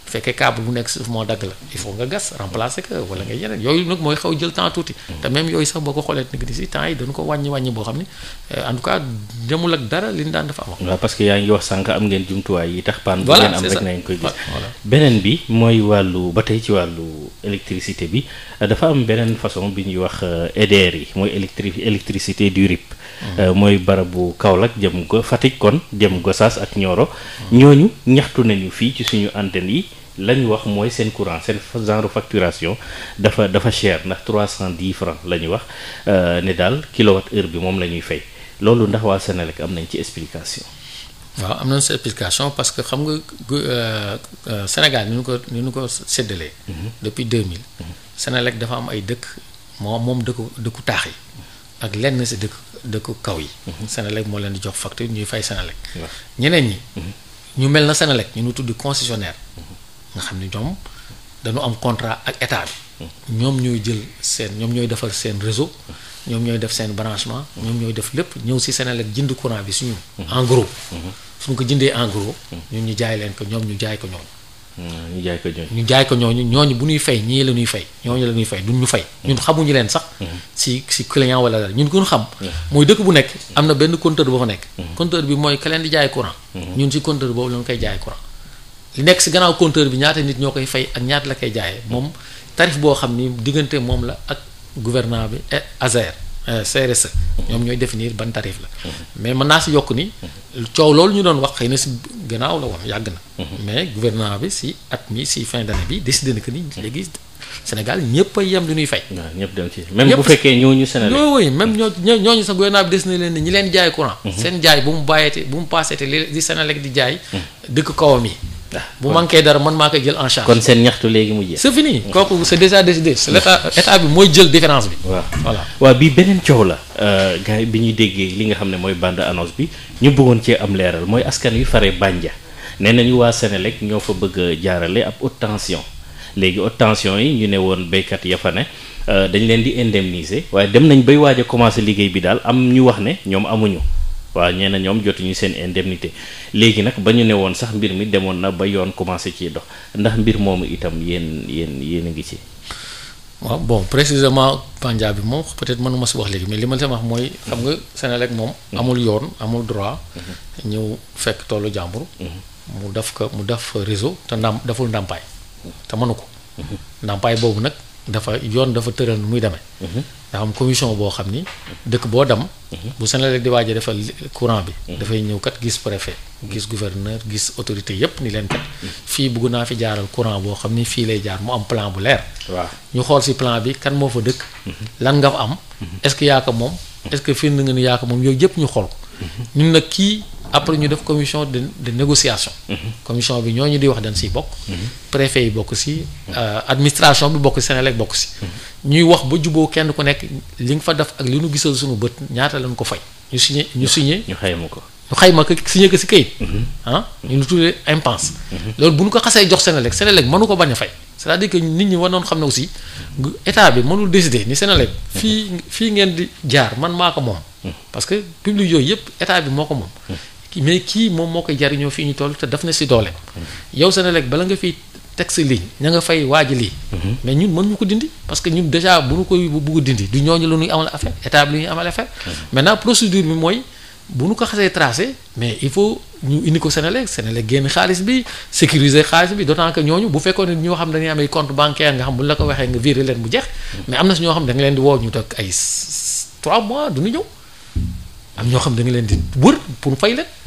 fekkee câble nekk suuf moo dagg nga gas remplacer yooyu nag mooy xaw jël temps tuuti te même yooyu sax boo ko xoolee nag di si ni euh, en tout cas demul ak dara li ñu daan dafa am paan bu ngeen am rek nañ koy gis beneen bi mooy wàllu ba tey ci wàllu lu électricité bi euh, dafa am beneen façon bi ñuy wax EDR euh, e yi mooy électri électricité du RIP. Mmh. Euh, mooy barabu Kaolack jëm ko Fatick kon jëm Gossas ak Nioro. Mmh. ñooñu ñaxtu nañu fii ci suñu antenne yi. lañu wax mooy seen courant seen genre facturation dafa dafa cher ndax trois cent dix francs la ñu wax ne daal kilowatt heure bi moom la ñuy fay loolu ndax waa Senelec am nañ ci explication waaw am na sa explication parce que xam nga euh, euh, Sénégal ni ñu ko ni ñu ko séddalee. Mhm. depuis 2000. Mhm. Sénélec dafa am ay dëkk moo moom dëkku dëkku taax yi. ak lenn si dëkk dëkku kaw yi. Mhm. Sénélec moo leen di jox facture ñuy fay Sénélec. ñeneen ñi. ñu mel na Sénélec ñu nu tuddi concessionnaire. xam ni ñoom dañu am contrat ak état bi. ñoom ñooy jël seen ñoom ñooy defal seen réseau. ñoom ñooy def seen branchement. ñoom ñooy def lépp ñëw si Sénélec jënd courant bi suñu. en gros. suñ ko jëndee en gros. ñu jaay leen ko ñoom ñu jaay ko ñooñu. Hmm, ñu jaay ko ñooñu. ñu jaay ko ñooñu bu ñuy fay ñii la ñuy fay ñooñu la ñuy fay duñ ñu fay. Hmm. ñun xamuñu leen sax. Hmm. si si client wala dara ñun ko xam. mooy dëkk bu nekk am na benn compteur boo fa nekk. compteur bi mooy ka di jaay courant. ñun si compteur boobu la ñu koy jaay courant. li nekk si gannaaw compteur bi ñaata nit ñoo koy fay ak ñaata la koy jaayee moom tarif boo xam ni diggante moom la ak gouvernement bi et Euh, CRSE ñoom ñooy définir ban tarif la mais mën naa si yokk ni coow loolu ñu doon wax xëy na si gannaaw la woon yàgg na mais gouvernement bi si at mi si fin d'année bi décidé na que ni léegi Sénégal ñëpp a yem lu ñuy fay. waaw ñëpp dem ci même bu fekkee ñooñu Sénégal yooyu même ñooñu ñooñu sax gouvernement bi des na leen ni ñi leen jaay courant. Mhm. seen jaay bu mu bàyyeete bu mu paaseete li di Sénégal di jaay mhm. dëkk kawam yi. bu manqué dara man maa koy jël en charge. kon seen ñaxtu léegi mu jeex. c'est fini kooku c'est déjà décidé c'est l'état état bi mooy jël différence bi. waaw voilà waaw beneen coow la. Euh, gars bi ñuy déggee li nga xam ne mooy bande annonce bi ñu bëggoon cee am leeral mooy askan wi faree ja nee nañu waa Sénélec ñoo fa bëgg jaarale ab haute tension léegi haute tension yi ñu ne woon béykat ya fa ne euh, dañ leen di indemniser waaye dem nañ bay waaj a commencer liggéey bi daal am ñu wax ne ñoom amuñu. waaw ñee na ñoom jotuñu seen indemnité léegi nag ba ñu ne woon sax mbir mi demoon na ba yoon commencé ciy dox ndax mbir moom itam yéen yéen yéen a ngi ci. waaw bon précisément panja bi moom peut-être mënuma si wax léegi mais li ma leen wax mooy. xam nga Senelec moom. Mm-hmm. amul yoon amul droit. Mm-hmm. ñëw fekk tollu jàmbur. Mm-hmm. mu def ko mu def réseau te ndam deful ndàmpaay. te mënu ko. ndàmpaay boobu nag. dafa yoon dafa tëral nu muy demee. ndax mhm. am commission boo xam ni. dëkk boo dem. Mhm. bu Senelec di waaj a defal courant bi. Mhm. dafay ñëw kat gis préfet. gis gouverneur gis autorité yépp ni leen kat. fii bëgg naa fi jaaral courant boo xam ni fii lay jaar mu am plan bu leer. waaw ñu xool si plan bi kan moo fa dëkk. lan nga am. est-ce que yaa moom. est-ce que firnde nga ni yaa moom yooyu yépp ñu xool ko. ñun nag kii après ñu def commission de de négociation. Mhm. commission bi ñooñu di wax dañ siy bokk. Mhm. préfet yi bokk si. Mhm. Euh, administration bi bokk si Senelec bokk si. ñuy wax ba juboo kenn ku nekk li nga fa def ak li nu gisal suñu bët ñaata lañ ko fay. ñu signé ñu signé ñu xayma ko. ñu xayma ko signé ko si kayit. ah ñu lu tuddee impense. loolu bu ñu ko xasee jox Senelec Senelec mënu ko bañ a fay. c'est-à-dire que nit ñi war noon xam ne aussi état bi manul décider ni Senelec fii fii ngeen di jaar man maa ko moom. parce mais kii moom moo koy jariñoo fii ñu toll te daf na si doole yow Senelec bala nga fiy teg si lii ña nga fay waaj lii mais ñun mën ñu ko dindi parce que ñun déjà bu ñu koy bugg dindi du ñooñu la ñuy amal affaire état bi la ñuy amal affaire maintenant procédure mooy bu nu ko xasee tracé mais il faut indi ko Senelec Senelec génn xaalis bi sécuriser xaalis bi d'autant que ñooñu bu fekkoon ne ñoo xam dañuy amee compte bancaire nga xam bu la ko waxee nga viré leen mu jeex mais am na si ñoo xam da leen di woo ñu toog ay 3 mois du ñu ñëw am ñoo xam da nga leen di wër pour fay leen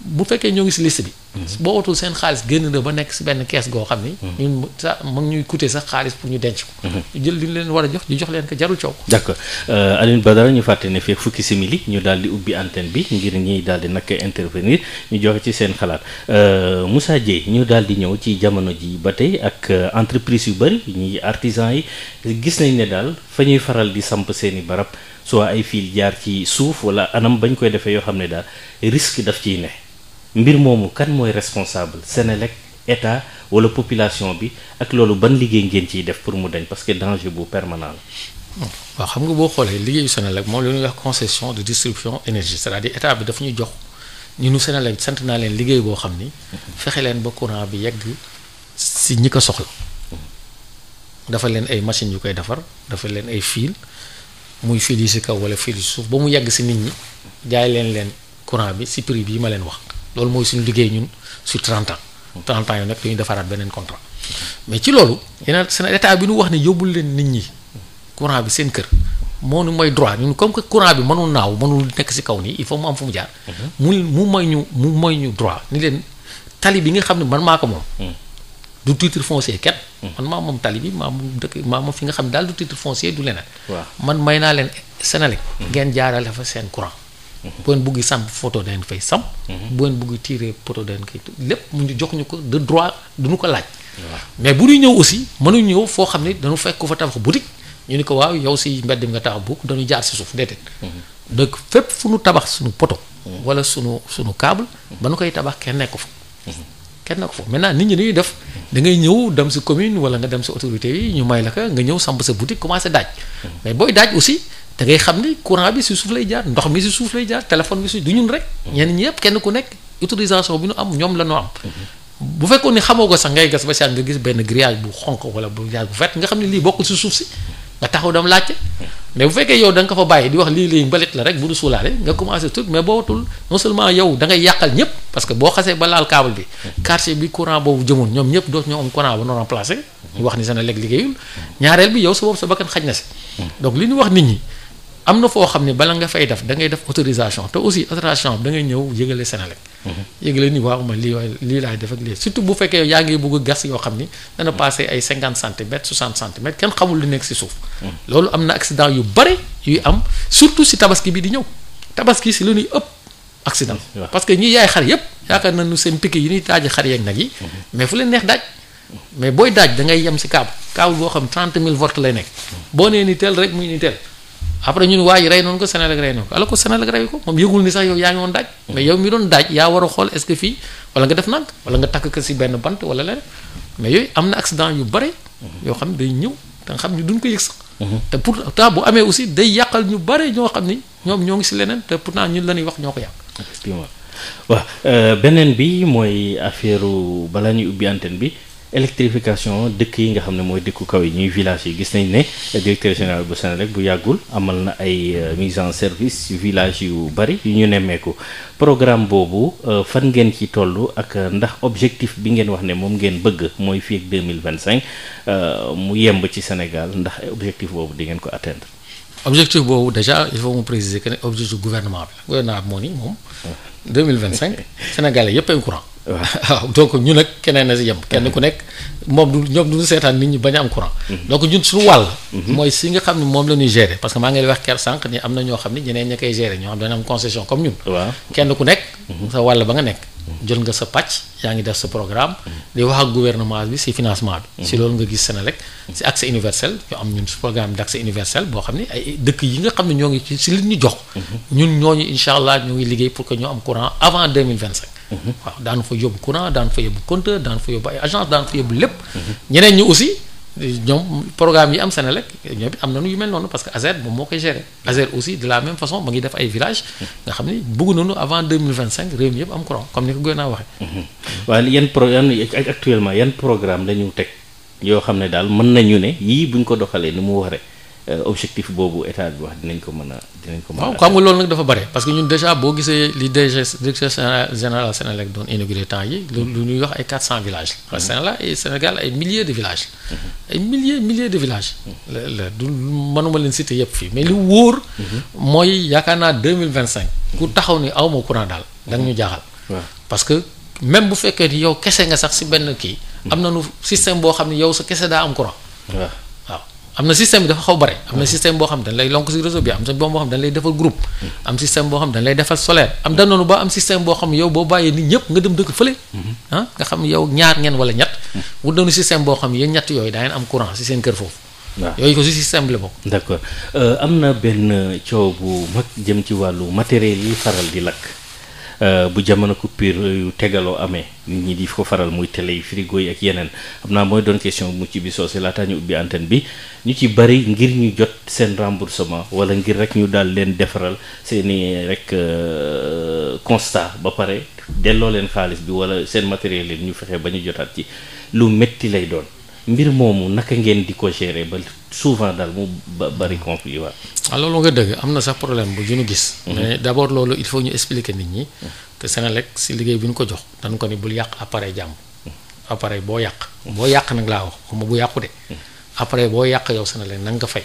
bu fekkee ñoo ngi si liste bi. Mhm. boo watul seen xaalis génn na ba nekk si benn kees goo xam ne mhm. ñun sa mu ñuy coûter sax xaalis pour ñu denc ko. Mhm. jël li leen war a jox ñu jox leen ko jarul coow. d'accord euh, Alioune Badara ñu fàtte ne fekk fukki simili ñu daal di ubbi antenne bi ngir ñiy daal di nag intervenir ñu joxe ci seen xalaat euh, Moussa Dieye ñu daal di ñëw ci jamono ji ba tey ak euh, entreprise yu bëri ñi artisans yi gis nañ ne daal fa ñuy faral di samp seeni barab soit ay fil jaar ci suuf wala anam bañ koy defee yoo xam ne daal risque daf ciy ne. mbir moomu kan mooy responsable Sénélec état wala population bi ak loolu ban liggéey ngeen ciy def pour mu dañ parce que danger bu permanent la. waaw xam nga boo xoolee liggéeyu Sénélec moom la ñuy wax concession de distribution énergie c'est-à-dire état bi daf ñu jox ñun Sénélec sant naa leen liggéey boo xam ni. fexe leen ba courant bi yegg si ñi ko soxla. dafa leen ay machines yu koy defar dafa leen ay fil muy fil yi si kaw wala fil suuf ba mu yegg si nit ñi jaay leen leen courant bi si bii ma leen wax. loolu mooy suñu liggéey ñun su 30 ans. 30 ans yooyu defaraat beneen contrat. mais ci loolu. yeneen seen bi ñu wax ne yóbbul leen nit ñi courant bi seen kër. moo nu mooy droit ñun comme que bi mënul naaw mënul nekk si kaw nii il faut mu am fu mu jaar. Mhm. mu mu nga xam ne man maa ko moom. Mm. du titre foncier kenn. Mm. man maa fi nga xam ne daal du titre foncier du leneen. naa leen Senelec. Mm. ngeen jaarale fa seen courant. bu ngeen bugg samp photo da fay samp. Mhm. bu ngeen bugg tirer photo da lépp mu ñu jox ñu ko de droit duñu ko laaj. mais bu ñuy ñëw aussi mënuñu ñëw foo xam ne dañu fekk ko fa tabax boutique ñu ni ko waaw yow si mbedd nga tabax bu dañu jaar si suuf déedéet. Mhm. donc fépp fu ñu tabax suñu photo mhm. wala suñu suñu câble. ba nu koy tabax kenn nekk ko fa. kenn nekk ko fa maintenant nit ñi dañuy def da ngay ñëw dem si commune wala nga dem si autorité yi ñu may la ka nga ñëw samp sa boutique commencé daaj. booy daaj aussi. dangay xam ni courant bi si suuf lay jaar ndox mi si suuf lay jaar téléphone bi si du ñun rek. ñenn ñi yëpp kenn ku nekk autorisation bi ñu am ñoom la ñu am. bu fekkoon ni xamoo ko sax ngay gas ba si nga gis benn grillage bu xonq wala bu grillage bu vert nga xam ne lii bokkul si suuf si. nga taxaw dam laajte mais bu fekkee yow da nga ko fa bàyyi di wax lii lii mbalit la rek bu du suulaale nga commencé tout mais boo watul non seulement yow da ngay yàqal ñëpp parce que boo xasee ba laal câble bi quartier bi courant boobu ñoom ñëpp doot ñoo am courant ba non remplacé ñu léeg liggéeyul ñaareel bi yow sa bopp sa bakkan xaj na si donc li ñu wax nit ñi am na foo xam ne bala nga fay def da ngay def autorisation te aussi autorisation da ngay ñëw yëgale Sénélec. Mhm. yëgale ni waaw ma lii lii laay def ak lii surtout bu fekkee yaa ngi bëgg gas yoo xam ni. dana passé ay cinquante centimètres soixante centimètres kenn xamul lu nekk si suuf. Mhm. loolu am na accident yu bare yuy am surtout si tabaski bi di ñëw tabaski si lu nuy ëpp. accident parce que ñi yaay xar yëpp yaakaar na nañu seen piki yi ñuy taaji xar yeeg nag yi. Mhm. mais fu leen neex daaj. mais booy daaj da ngay yem si kaabu kaabu boo xam 30 000 volts lay nekk. boo nee ni teel rek muy ni teel. après ñun waa ji rey noonu ko Senelec rey noonu ko alors que Senelec rey ko moom yëgul ni sax yow yaa ngi woon daaj mais yow mi doon daaj yaa war a xool est fii wala nga def nànk wala nga takk ko si benn bant wala leneen mais yooyu am na accident yu bare yoo xam ne day ñëw te nga xam ni duñ ko yëg sax mhm. te pourtant bu amee aussi day yàqal ñu bare ñoo xam ni ñoom ñoo ngi si leneen te pourtant ñun la ñuy wax ñoo ko yàq effectivement waaw euh, beneen bi mooy affaire bala ñuy ubbi bi électrification dëkk yi nga xam ne mooy dëkku kaw yi ñuy village yi gis nañ ne directeur général bu Senelec bu yàggul amal na ay euh, mise en service village yu bari yu ñu nemmeeku programme boobu euh, fan ngeen ci toll ak ndax objectif bi ngeen wax ne moom ngeen bëgg mooy fii ak 2025 euh, mu yemb ci Sénégal ndax objectif boobu di ngeen ko atteindre objectif boobu déjà il faut mu préciser que ne objectif gouvernement bi la gouvernement bi moo ni moom 2025 ah. Sénégalais yëpp ay courant waaw donc ñu nag keneen na si yem kenn ku nekk moom du ñoom du seetaan nit ñi bañ a am courant mhm. donc ñun suñu wàll mhm. mooy si nga xam ne moom la ñuy gérer maa ngi lay ker sànq ni am na ñoo xam ne ñeneen ña koy gérer ñoo xam dana am concession comme ñun waaw kenn ku nekk mhm. sa wàll ba nga nekk jël nga sa pàcc yaa ngi def sa programme di wax ak gouvernement bi si financement bi si loolu nga gis Senelec si accès universel ñu am ñun su programme d'accès universel boo xam ne ay dëkk yi nga xam ne ñoo ngi si li ñu jox ñun ñooñu incha allah ñoo ngi liggéey pour que ñoo am courant avant 2025 mhm. waaw daanu fa yóbbu courant daanu fa yóbbu compteur daanu fa yóbbu ay agence daanu fa yóbbu lépp ñeneen ñi aussi ñoom programme yi am Senelec ñoom am nañu yu mel noonu parce que ASER moom moo koy gérer ASER aussi de la même façon ma ngi def ay village nga xam ni bëgg nañu avant 2025 réew mi yëpp am courant comme ni ko gouvernement waxee. Mhm. waaw yan pro actuellement yan programme la teg yoo xam ne daal mën nañu ne yii buñ ko doxalee ni mu waree. Euh, objectif boobu état bi wax dinañ ko mën a dinañ ko mën a. waaw xam nga loolu nag dafa bare parce que ñun déjà boo gisee li DG directeur général Sénélec doon inauguré temps yi lu ñuy wax ay 400 villages la. Mm-hmm. Sénégal ay Sénégal ay milliers de villages. Mm-hmm. ay milliers milliers de villages. la mm-hmm. la du mënuma leen citer yëpp fii mais lu wóor. mooy yaakaar naa 2025. ku taxaw ni aw ma courant daal. da nga ñu jaaxal. parce que même bu fekkee ni yow kese nga sax si benn kii. am nañu système boo xam ne yow sa kese daa am courant. am na système bi dafa xaw bare am na système boo xam dañ lay lonk si réseau bi am sa boo xam dañ defal groupe mm. am système boo xam dañ defal solaire am mm. da ba am système boo mm-hmm. ah, xam yow ñaar ngeen wala ñett mm. wut doonu système boo xam yéen ñett yooyu daa ngeen am courant si seen kër foofu waaw yooyu ko si système la bokk d'accord euh, am na benn coow bu mag jëm ci wàllu matériel yi faral di lakk Euh, bu jamono coupure yu tegaloo amee nit ñi di ko faral muy télé yi frigo yi ak yeneen xam naa mooy doon question mucc bi soose laataa ñu ubbi antenne bi ñu ci bari ngir ñu jot seen remboursement wala ngir rek ñu daal leen defaral seeni rek euh, constat ba pare delloo leen xaalis bi wala seen matériel leen ñu fexe ba ñu jotaat ci lu métti lay doon. mbir moomu naka ngeen di ko gérer ba souvent daal mu bari conflit waaw. ah loolu nga dëgg am na sax problème bu ñu gis. Mhm. mais d' abord loolu il faut ñu expliquer nit ñi. que Senelec si liggéey bi ñu ko jox dañ ko ni bul yàq appareil jàmm. Mhm. appareil boo yàq. Mhm. boo yàq nag laa wax xam bu yàqu de. appareil boo yàq yow Senelec na nga ko fay.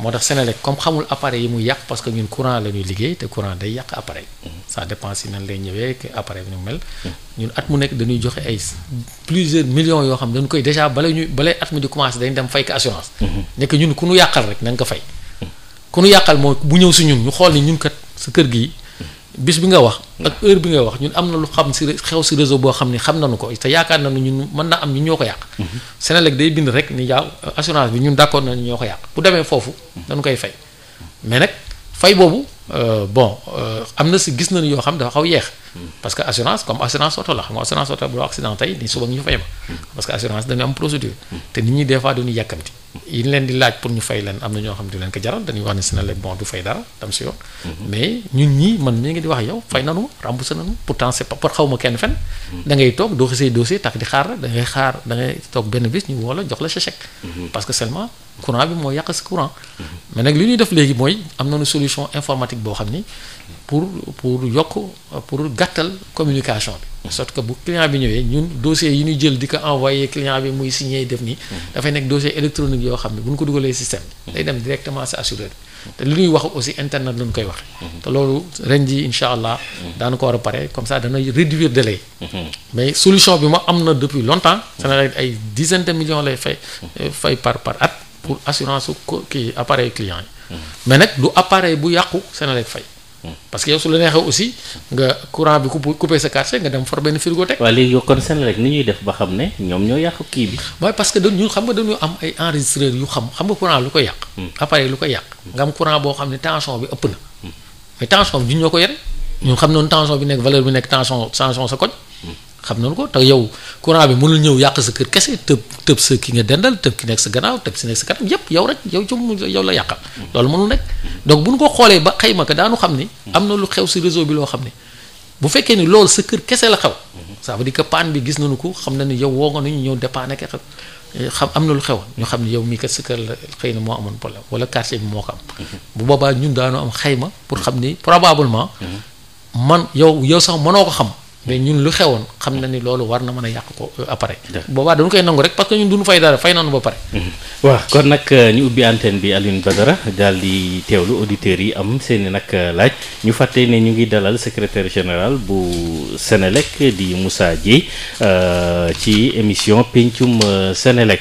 moo tax Senelec comme xamul appareil yi muy yàq parce que ñun courant la liggéey te courant day yàq appareil. Mm-hmm. ça dépend si nan lay ñëwee appareil bi ñu mel. Mm-hmm. ñun at mu nekk dañuy joxe ay plusieurs millions yoo xam dañu koy déjà bala ñuy bala at mi di commencé dañ dem fay ko assurance. Mm-hmm. nekk ñun ku ñu yàqal rek na nga ku ñu yàqal moo bu ñëw si ñun ñu xool ni ñun kat kër gi bis bi nga wax ak heure bi nga wax ñun am na lu xam si xew si réseau boo xam ne xam nañu ko te yaakaar na nañu ñun mën na am ñu ñoo ko yàq mhm. Senelec day bind rek ni yaaw assurance bi ñun d'accord nañu ñoo ko yàq bu demee foofu mhm. dañu koy fay mais nag fay boobu euh, bon euh, am na si gis nañu yoo xam dafa xaw yeex parce que assurance comme assurance auto la xam nga assurance auto bu accident tey ni suba ñu fay ma parce que assurance dañu am procédure te nit ñi des fois dañuy yàkkamti yi ñu leen di laaj pour ñu fay leen am na ñoo xam ne leen ko jaral dañuy wax ne Senelec bon du fay dara tam yoon mais ñun ñi man mii ngi di wax yow fay nanu remboursé nanu pourtant c'est pas pour xaw ma kenn fen da toog courant bi moo yàq sa courant mais nag li ñuy def léegi mooy am nañu solution informatique boo xam ni pour pour yokk pour gàttal communication bi sorte que bu client bi ñëwee ñun dossier yi ñuy jël di ko envoyé client bi muy signé def nii dafay nekk dossier électronique yoo xam ne bu ñu ko dugalee système bi day dem directement sa assureur te li ñuy wax aussi internet lañ koy ko war a bi ma am na depuis longtemps Senelec ay dizaine de lay euh, pour assurance su kii appareil client yi. mais nag du appareil bu yàqu Senelec fay. parce que yow su la neexee aussi nga courant bi ku coupé sa quartier nga dem for benn frigo teg. waaw léegi yow kon Senelec ni ñuy def ba xam ne ñoom ñoo yàq kii bi. mooy parce que dañ ñun xam nga dañu am ay enregistreur yu xam xam nga courant lu koy yàq. Hmm. appareil lu ko yàq. nga am courant boo xam ne tension bi ëpp na. Hmm. mais tension bi ñun ñoo ko yore ñun xam noonu tension bi nekk valeur bi nekk xam nañu ko te yow courant bi mënul ñëw yàq sa kër kese tëb tëb sa ki nga dendal tëb ki nekk sa gannaaw tëb si nekk sa kanam yow rek yow jom yow la yàqal loolu mënul nekk donc bu ko xoolee ba xayma ka daanu xam ni am na lu xew si réseau bi loo xam ni bu fekkee ni loolu sa kër kese la xew ça veut dire que bi gis nañu ko xam na ni yow woo nga nañu ñëw dépanne ka xam am na lu xew ñu xam ni yow mii kat sa kër la xëy na moo amoon problème wala quartier bi moo ko am bu boobaa ñun daanu am xayma pour xam ni probablement mhm. man yow yow sax mënoo ko xam mais ñun lu xewoon xam na ni loolu war na mën a yàq ko euh, appareil. boobaa dañu koy nangu rek parce que ñun duñu fay dara fay nañu ba pare. Mm-hmm. waaw kon nag euh, ñu ubbi antenne bi Alioune Badara daal di teewlu auditeurs yi am seen i nag euh, laaj ñu fàtte ne ñu ngi dalal secretaire général bu senelek di Moussa Dieye ci émission pencum Sénélec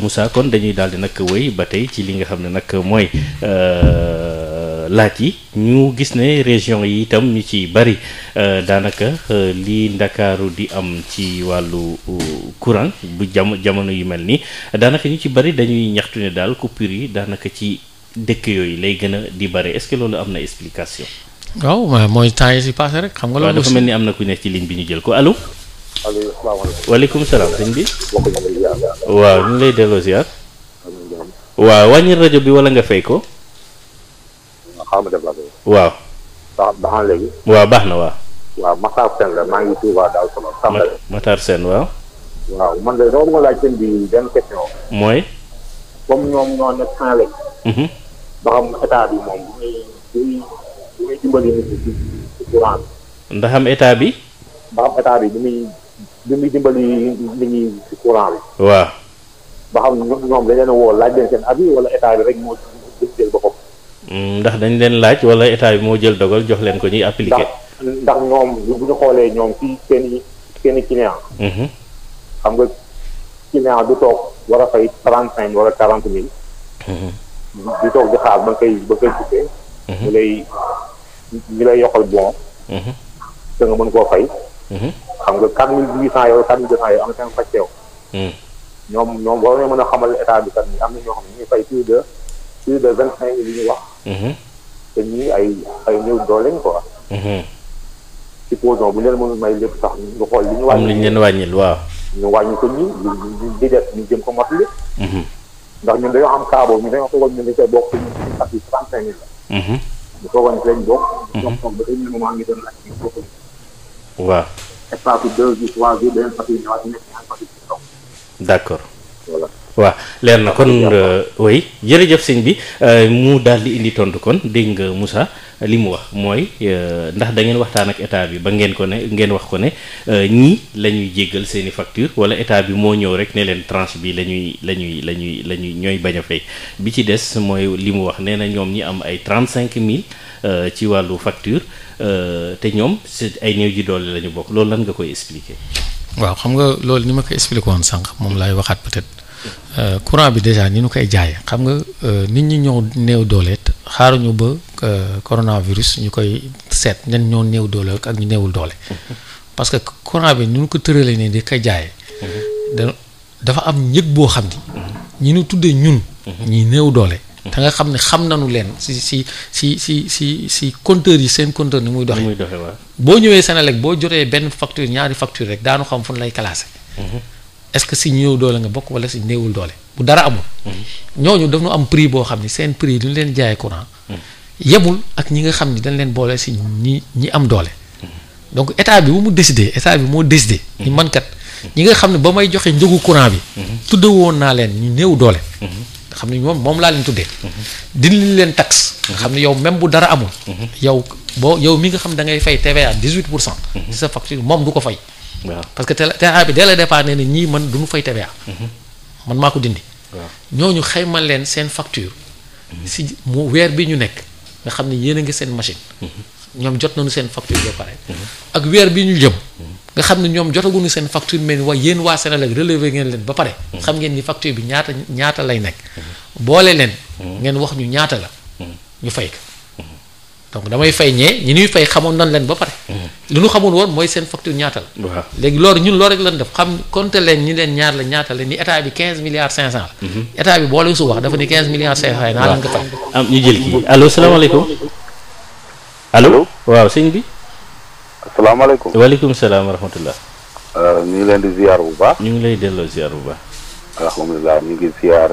Moussa kon dañuy daal di nag wéy ba tey ci li nga xam ne nag mooy. laaj yi ñu gis ne région yi itam ñu ci bari euh, daanaka euh, li ndakaaru di am ci wàllu courant bu jam jamono yu mel nii daanaka ñu ci bari dañuy ñaxtu ne daal coupure yi daanaka ci dëkk yooyu lay gën a di bëri est loolu am na explication. waaw mooy temps yi si passé rek. xam nga loolu dafa mel ni am na ku nekk ci ligne bi ñu jël ko aloo waaleykum salaam sëñ bi. waaw ñu lay delloo ziar. rajo bi wala nga fay ko. xaaral ma def la ko. waaw. baax na léegi. waaw baax na la maa ngi Touba daal solo. Makhtar Sène waaw. waaw man de dama bëgg laaj seen bi benn question. mooy. comme ñoom ñoo nekk Senelec. Mm-hmm. ba xam état bi moom bu muy bu muy bu muy dimbali nit ñi ci courant bi. ndax am état bi. ba xam état bi bu muy bu muy dimbali nit ñi a woo laaj leen seen avis wala état bi rek moo jël boppam. Mm, ndax dañ leen laaj wala état bi moo jël dogal jox leen ko ñuy appliqué. ndax ndax ñoom bu ñu xoolee ñoom ci seen i seen i client. Mm-hmm. xam nga client du toog war a fay trente cinq wala quarante mille. Mm-hmm. du toog di xaar ba nga koy ba nga koy coupé. ñu mën koo fay. Mm-hmm. xam nga quatre mille huit cent yow quatre mille cent yow am na seen faj teew. Mm. ñoom ñoom waroon nañu mën a xamal état bi kat am na ñoo xam ne ñu fay plus de plus de vingt cinq mille yi ñuy wax. te ñii ay ay néew doole lañ quoi. supposons bu leen mënul may lépp sax nga xool li ñu. wàññi am li ñu leen wàññil waaw. ñu wàññi ko ñii ñu ñu di def ñu jëm ko motali. ndax ñun dañoo am cas boobu ñu dañoo foogoon ñu ne see bokk ñun suñu at yi trente cinq mille la. ñu foogoon si lañ bokk. ñoom moom ba dañu moment ngi doon laaj ñu bokk. waaw. espace bi deux jours trois jours beneen fas yi ñëwaat nekk ñaar fas yi d' accord voilà. waaw leer na kon euh, oui jërëjëf sëñ bi euh, mu daal di indi tontu kon dégg nga Moussa li mu wax mooy euh, ndax da ngeen waxtaan ak état bi ba ngeen ko ne ngeen wax ko ne ñii la ñuy jéggal seen i facture wala état bi moo ñëw rek ne leen tranche bi la ñuy la ñuy la ñuy la ñuy ñooy bañ a fay bi ci des mooy li mu wax nee na ñoom ñi am ay trente cinq mille ci wàllu facture te ñoom si ay néew ji doole la ñu bokk loolu lan nga koy expliquer. waaw xam nga loolu ni ma ko expliqué woon sànq moom laay waxaat peut-être. Euh, courant bi déjà ni ñu koy jaayee xam nga euh, nit ñi ñoo néew dooleet xaaruñu ba euh, coronavirus ñu koy seet ñan ñoo néew doole ak ñu néewul doole parce que courant bi ni ñu ko tëralee nii di koy jaayee da dafa am njëg boo xam ni ñi ñu tuddee ñun ñu new doole da nga xam ne xam nañu leen si si si si si si compteur yi seen compteur ni muy doxee boo ñëwee Senelec boo jotee benn facture ñaari facture rek daanu xam fu ñu lay classé est-ce que si doole nga bokk wala si néewul doole bu dara amul. Mm-hmm. ñooñu dañu am prix boo xam ni seen prix lu ñu leen jaay courant. Mm-hmm. yemul ak ñi nga xam ni dañ leen boole si ñi ñi am doole. Mm-hmm. donc état bi bu mu décidé état bi moo décidé. ni ñi nga xam ne ba may joxe njëgu courant bi. tudde woon naa leen ñu néew doole. nga xam ne moom moom laa leen tuddee. dinañ leen tax. nga xam ne yow même bu dara amul. yow boo yow mi nga xam da ngay fay TVA 18 pour cent. ci sa facture moom du ko fay. waaw parce que TRA bi dès le départ nee na ñii man du ñu fay TVA. Mhm. man maa ko dindi. ñoo ñu xayma leen seen facture. Mhm. si mu weer bi ñu nekk nga xam ne yéen a ngi seen machine. Mhm. ñoom jot nañu seen facture ba pare. ak weer bi ñu jëm. nga xam ne ñoom jotaguñu seen facture mel ni waa yéen waa Sénégal relevé ngeen leen ba pare. xam ngeen ni facture bi ñaata ñaata lay nekk. boole leen. ngeen wax ñu ñaata la. ñu fay donc damay fay ñee ñi ñuy fay xamoon nan leen ba pare. Mm-hmm. lu ñu xamul woon mooy seen facture ñaata la. waaw léegi loolu ñun loolu rek lan def xam compter leen ñi leen ñaar la ñaata la ni état bi 15 milliards 500 la. Mm-hmm. état bi boole su wax dafa ni 15 milliards 500 yi. naa leen ko fay am ñu jël kii allo salaamaaleykum. allo waaw sëñ bi. asalaamaaleykum. waaleykum salaam wa rahmatullah. Euh, ñu ngi leen di ziar bu baax. ñu ngi lay delloo ziar bu baax. alhamdulilah ñu ngi ziar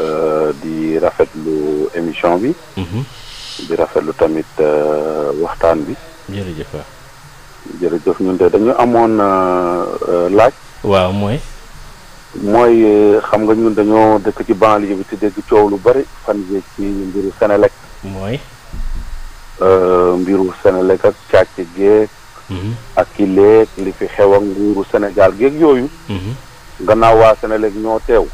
Euh, di rafetlu émission bi. Mhm. di rafetlu tamit euh, waxtaan bi. jërëjëf waaw. jërëjëf ñun de dañu amoon euh, laaj. waaw mooy. mooy xam nga ñun dañoo dëkk ci banlieue bi ci dégg coow lu bari fan yii ci mbiru Sénélec. mooy. mbiru Sénélec ak càcc géeg. Mhm. ak ki léeg li fi xew ak nguuru Sénégal géeg yooyu. Mhm. gannaaw waa Sénélec ñoo teew.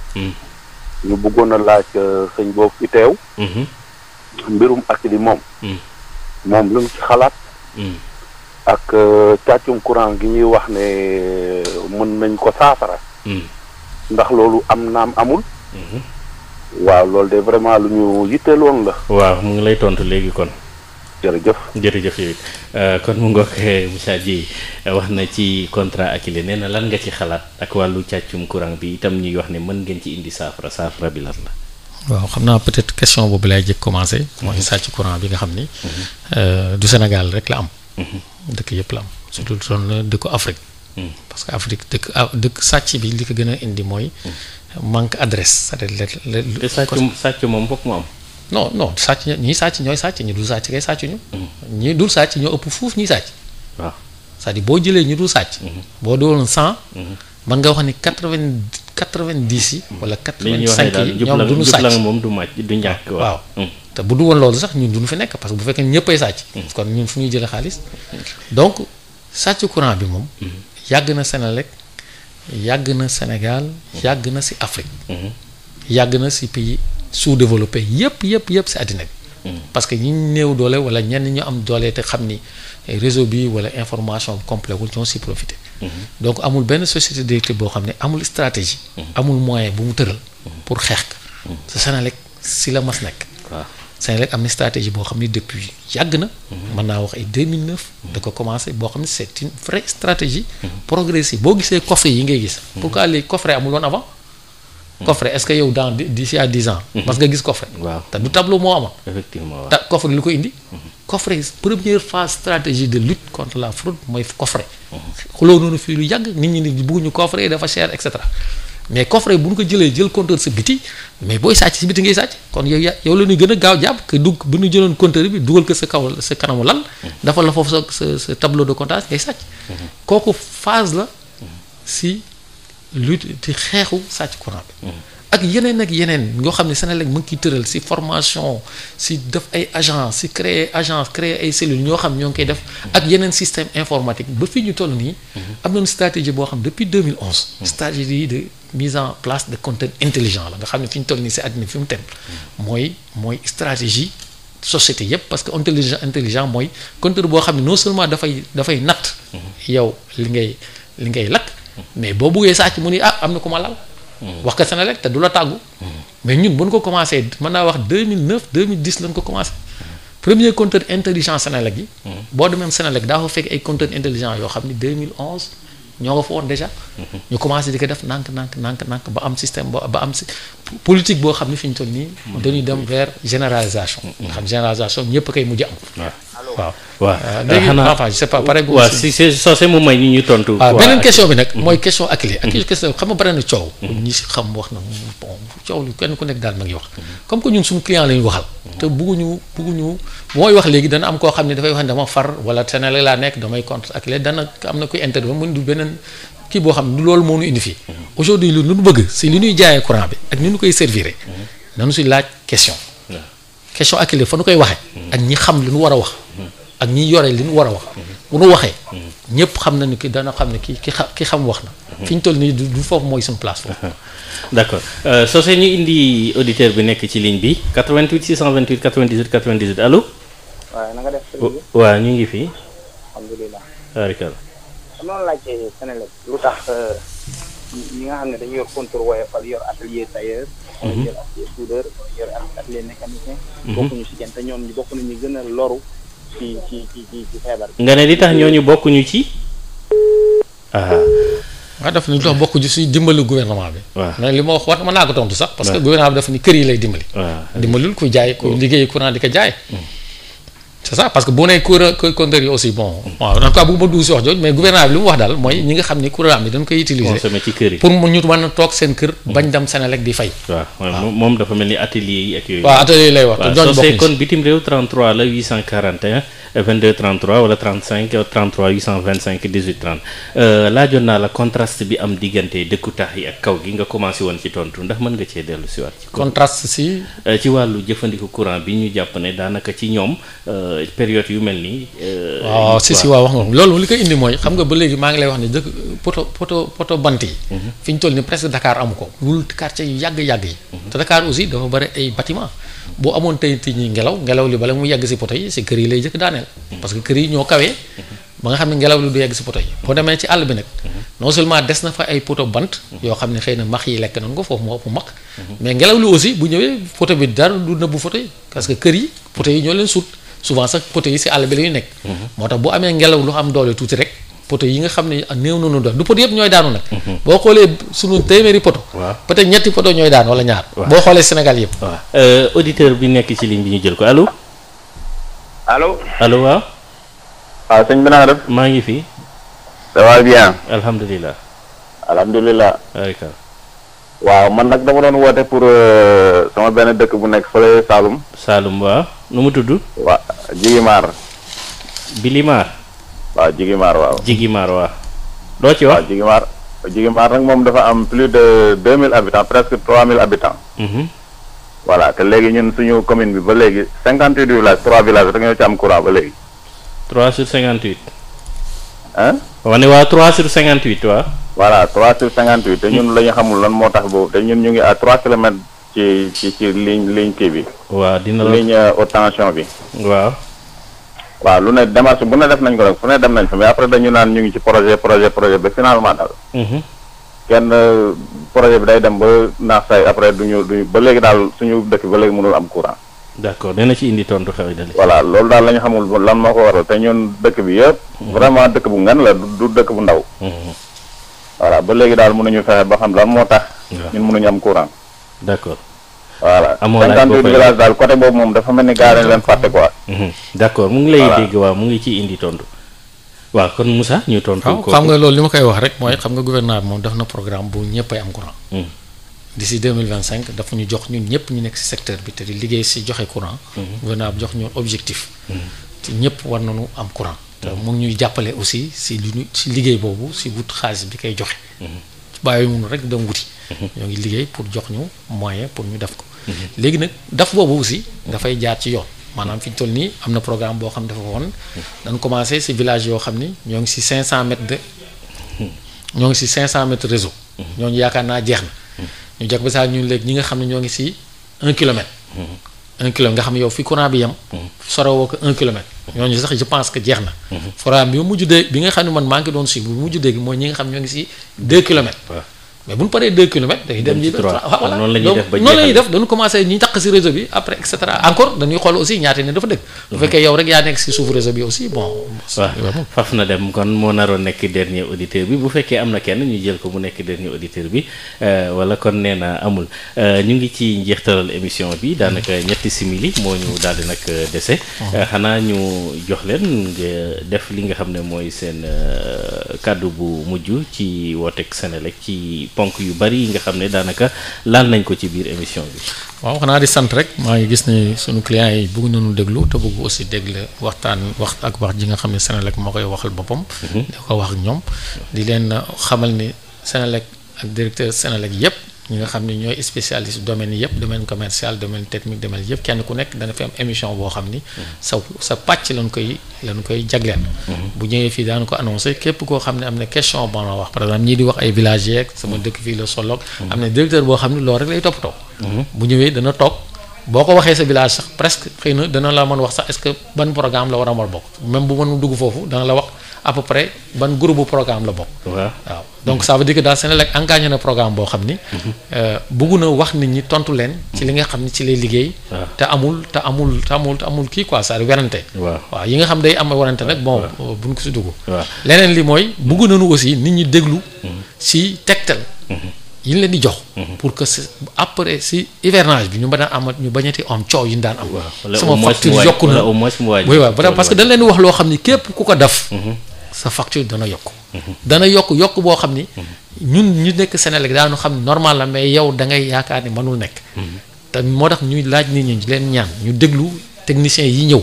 ñu bëggoon a laaj euh, sëñ boobu fi teew. Mhm. mbirum ak li moom. Mhm. moom lu mu ci xalaat. Mhm. ak euh, càccum courant gi ñuy wax ne euh, mën nañ ko saafara. ndax loolu am naam amul. waaw loolu de vraiment lu ñu yitteeloon la. waaw mu ngi lay tontu léegi kon. jërëjëf. jërëjëf yooyu euh, kon mu ngoog euh, Moussa Dieye euh, wax na ci contrat Akilee nee na lan nga ci xalaat ak wàllu càccum courant bi itam ñuy wax ne mën ngeen ci indi saafara saafara bi lan la. waaw xam naa peut-être question boobu lay jëkk commencé. Mhm. mooy sàcc courant bi nga xam ni. Mhm. du Sénégal rek la am. Mhm. dëkk yëpp la am surtout doon dëkku Afrique. parce que Afrique dëkk ah, dëkk sàcc bi li ko gën a indi mooy. manque adresse sa à dire te sàcc sàcc moom fokk mu am. non non sàcc ñi sàcc ñooy sàcc ñi dul sàcc kay sàcc ñu. Mm-hmm. dul sàcc ñoo ëpp foofu ñuy sàcc. waaw cest boo jëlee ñi dul sàcc. Mm-hmm. boo doon cent. Mm-hmm. mën nga wax ni quatre vingt quatre vingt yi. wala quatre vingt cinq yi ñoom duñu sàcc moom du màcc du ñàkk. waaw mm. te bu du woon loolu sax ñun duñu fi nekk parce que bu fekkee ñëppay sàcc. Mm. kon ñu fu ñuy jëlee xaalis. Mm. donc sàcc courant bi moom. yàgg na Sénélec yàgg na Sénégal yàgg na si Afrique. yàgg na si pays. sous-développé yëpp yëpp yëpp si àddina bi. Hmm. parce que ñi néew doole wala ñenn ñu am doole te xam ni réseau bi wala information complet wul ñoo si profité. Hmm. donc amul benn société directive boo xam ne amul stratégie. Hmm. amul moyen bu mu tëral. pour xeex ko. sa Senelec si la mas nekk. waaw am na stratégie boo xam ne depuis yàgg na. mën naa wax ay 2009. da ko commencé boo xam ne c' une vraie stratégie. progressive boo gisee coffre yi ngay gis. pourquoi coffre est-ce que yow dans d'ici à dix ans. parce mhm. que gis coffre. te du tableau moo amoon. effectivement waaw lu ko indi. Mhm. coffre première phase stratégie de lutte contre la fraude mooy coffre. Mhm. xuloo noonu fii lu yàgg nit ñi nit bëgguñu coffre yi dafa cher et mais coffre bu ñu ko jëlee jël compteur sa biti mais booy sàcc si biti ngay sàcc kon yow ya yow gën a gaaw jàpp que du bu ñu jëloon compteur bi dugal ko sa kanamu lal. dafa la sa sa tableau de comptage lutte ci xeexu sàcc courant bi. Mm-hmm. ak yeneen ak yeneen yoo xam ne Senelec mu ngi ciy tëral si formation si def ay agence si créer agence créer ay cellules ñoo xam ñoo ngi koy def. ak mm-hmm. yeneen système informatique ba fi ñu toll nii. Mm-hmm. am na stratégie boo xam ne depuis 2011. stratégie de mise en place de conteneur intelligent la nga xam ne fi ñu toll nii si àddina fi mu tem mooy mooy stratégie société yëpp parce que intelligent intelligent mooy conteneur boo xam ne noo seulement dafa dafay natt. yow li ngay li mais boo buggee sàcc mu ni ah am na ku ma lal. Hmm. wax ko Senelec te du la tàggu. Hmm. mais ñun bu ñu ko commencé mën naa wax 2009 2010 lañ ko commencé. premier compteur intelligent Senelec yi. Hmm. boo demee Senelec daa fa fekk ay compteur intelligent yoo xam ni 2011 ñoo nga fa woon déjà. ñu commencé di ko def nànk nànk nànk nànk ba am système ba am si politique boo xam ne fi ñu toll nii. Mm-hmm. dañuy dem vers généralisation. Mm-hmm. nga xam généralisation ñëpp kay mujj am. waaw waaw euh, euh, léegi ku nekk daal ma ngi wax. Mm-hmm. comme que ñun suñu client dana am koo xam ne dafay wax ne dama far wala Sénégal laa nekk damay contre ak dana am na kuy intervenir mun du beneen kii boo xam ne loolu moo ñu indi fii. aujourd'hui lu nu bëgg si li ñuy jaayee courant bi ak ni nu koy servir. nañu si laaj question. question ak fa nu koy waxee. ak ñi xam li ñu war a wax. ak ñi yore li ñu war a wax. bu nu waxee. ñëpp xam na nañu ki dana xam ne ki ki xam ki xam wax na. fi ñu toll nii du foofu mooy suñu place foofu. d'accord euh, soo see ñu indi auditeur bi nekk ci ligne bi 88 628 98 98 allo. waaw na nga ñu ngi fii alhamdulilah. dama laajte Senelec lu tax euh, ñi nga xam ne dañu yor contour woyofal yor atelier tailleur. Mhm. yor atelier soudeur yor atelier mécanicien. Mhm. bokkuñu si kenn te ñoom ñu bokk gën a loru ci ci ci ci nga ne li tax ñooñu bokkuñu ci. ah. waaw dafa ni lu tax bokkuñu si dimbalu gouvernement bi. waaw li ma wax war mën naa ko tontu sax. parce que gouvernement bi dafa ni kër yi lay dimbali. waaw dimbalul ku jaay ku liggéey courant di ko jaay. Mm. c'est ça parce que bu nee co compteurs yi aussi bon mm. waaw en tout cas bu ma dugg si wax jooju mais gouvernement li mu wax daal mooy ñi nga xam ni courant bi a toog seen mm. moom dafa mel ni atelier yi ak yooyu waaw atelier yi lay wax ñooñu bokk kon bitim réew 33 la 841 euh, naa la contraste bi am diggante dëkku taax yi ak kaw gi nga commencé woon ci tontu ndax mën nga cee dellu si waat ci contraste si euh, ci wàllu jëfandiku courant bi ñu jàpp ne daanaka ci ñoom euh, période yu mel nii. waaw euh, ah, si si waaw wax nga loolu li ko indi mooy xam nga ba léegi maa ngi lay wax ne dëkk poto poto bant yi. Mhm. fi ñu toll nii presque Dakar amu ko. wul yàgg yàgg yi. Mhm. te Dakar aussi dafa bëri ay bâtiment boo amoon tey tey ñi ngelaw ngelaw li bala mu yàgg si poto yi si kër yi lay jëkk daaneel. Mhm. parce que kër yi ñoo kawee ba nga xam ne ngelaw li du yegg si poto yi poto bant max yi lekk nañ ko foofu moo ëpp max mais ngelaw li aussi bu ñëwee souvent sax poteau yi si àll bi la nekk. Mhm. moo tax bu amee ngelaw lu am doole tuuti rek poteau yi nga xam ne néew na nu doon du poteau yëpp ñooy daanu nag. Mhm. boo xoolee sunu téeméeri poteau. waaw peut ñetti poteau ñooy daan wala ñaar. boo xoolee Sénégal yëpp. waaw euh, auditeur bi nekk ci ligne bi ñu jël ko allo. allo allo waaw. waaw sëñ bi naa maa ngi fi. ça va bien. alhamdulilah. alhamdulilah. waaw man nag dama doon woote pour euh, sama benn dëkk bu nekk fële Saalum. Saalum waaw nu mu tudd. waa Jigimaar. Bilimaar. waaw Jigimaar waaw. Jigimaar waaw. doo ci wax waaw Jigimaar Jigimaar nag moom dafa am plus de deux mille habitants presque trois mille habitants. Mhm. voilà te léegi ñun suñu commune bi ba léegi cinquante huit villages trois villages rek ñoo ci am courant ba léegi. trois sur cinquante huit. ah. waa ne waa trois sur cinquante huit waa. voilà trois sur cinquante huit te ñun la ñu xamul lan moo tax boobu te ñun ñu ngi à trois kilomètres ci ci ci ligne kii bi. waaw dina la ligne euh, bi. waaw. lu ne démarche bu ne def nañ ko nag fu ne dem nañ fa mais après dañu naan ñu ngi ci projet projet projet ba finalement daal. Mhm. kenn euh, bi day dem ba naax say après duñu duñu ba léegi daal suñu dëkk ba léegi mënul am courant. d' accord dina ci indi tontu xarit Dali. voilà loolu daal la ñu xamul lan moo ko waral te ñun dëkk bi yëpp. Mhm. vraiment dëkk bu ngan la du dëkk bu ndaw. Mhm. voilà ba léegi daal mënuñu fexe ba xam lan moo tax. ñun mënuñu am courant. d' accord. boobu moom dafa mel ni gaare leen fàtte quoi. Mhm. d' accord kon Moussa ñu tontu ko xam nga loolu li ma koy wax rek mooy xam nga gouvernement bi moom def na programme bu ñëppay am courant. Mhm. d'ici deux mille vingt cinq dafa ñu jox ñun ñëpp ñu nekk si secteur bi te di liggéey si joxe courant. Mhm. gouvernement bi jox ñu objectif. te ñëpp war nañu am courant. te mu ngi ñuy jàppale aussi si li liggéey boobu si wut xaalis bi koy joxe. Mhm. bàyyi munu rek dem wuti. Mhm. ñoo ngi liggéey pour jox ñu moyen pour ñu def ko. Mhm. léegi nag daf boobu aussi dafay jaar ci yoon. maanaam fi ñu toll nii am na programme boo xam ne dafa woon dañ commencé si village yoo xam ni ñoo ngi si 500 mètres de. ñoo ngi si 500 mètres réseau. ñooñu yaakaar naa jeex na. ñu jag ba saa ñun léegi ñi nga xam ne ñoo ngi si 1 kilomètre. 1 kilomètre nga xam yow fi courant bi yem. sorewoo ñooñu sax je pense que jeex na. Mhm. foraam bi mu mujj bi nga xam ne man maa ngi doon suivre bu mujj dégg mooy ñi nga xam ñoo ngi si 2 kilomètres. mais bu ñu paree deux kilomètres dañuy dem. ci trois noonu la ñuy def ba noonu la def dañu commencé ñu taq si réseau bi après et cetera encore dañuy xool aussi ñaata ne dafa dëkk. bu mhm. fekkee yow rek yaa nekk si suuf réseau bi aussi na dem kon moo naroon nekk dernier auditeur bi bu fekkee am na kenn ñu jël ko mu nekk dernier auditeur bi euh, wala kon nee na amul euh, ñu ngi ci njeextalal émission bi daanaka ñetti simili moo ñu daal di nag euh, dese. Mhm. xanaa ñu jox leen nga def li nga xam ne mooy seen kàddu bu mujj ci wooteeg Senelec ci. ponk yu bari yi nga xam ne daanaka laal nañ ko ci biir émission bi. waaw xanaa di sant rek maa ngi gis ne sunu clients yi bëgg nañu déglu te bëgg aussi déglu waxtaan wax ak wax ji nga xam ne Senelec moo koy waxal boppam. Mhm. di ko wax ak ñoom di leen xamal ni Senelec ak directeur Senelec yépp ñi nga xam ne ñooy spécialiste domaine yëpp domaine commercial domaine technique domaine yëpp kenn ku nekk dana fi am émission boo xam ni sa sa pàcc lañ koy lañ koy jagleen mhm. bu ñëwee fii daan ko annoncé képp koo xam ne am na question boo ma wax par exemple ñii di wax ay village sama mhm. dëkk fii la soloog mhm. am na directeur boo xam ni loolu rek lay toppatoo bu ñëwee dana toog boo ko waxee sa village sax presque xëy na dana la man wax sax est-ce que ban programme la war a war bokk même bu mën dugg foofu dana la wax à peu près ban groupe programme la bokk. waaw donc ça veut dire que daal Senelec engagé na programme boo xam ni. Mm-hmm. bëggu na wax nit ñi tontu leen. ci li nga xam ni ci lay liggéey. te amul te amul te amul te amul kii quoi ça werante. waaw yi nga xam day am werante nag bon euh, buñ ko si dugg. leneen li mooy bëggu nañu aussi nit ñi déglu. si mm-hmm. tegtal. Mm-hmm. yi ñu leen di jox. Mhm. pour que après si hivernage bi ñu mën a amat ñu bañati am coow yi ñu daan am. sama facture yokk na parce que dañ leen di wax loo xam ni képp ku ko def. Mhm. sa facture dana yokk. Mhm. dana yokk yokk boo xam ni. ñu nekk Sénégal daanu xam normal la mais yow da ngay yaakaar ni mënul nekk. te moo tax ñuy laaj nit ñi leen ñaan ñu déglu techniciens yi ñëw.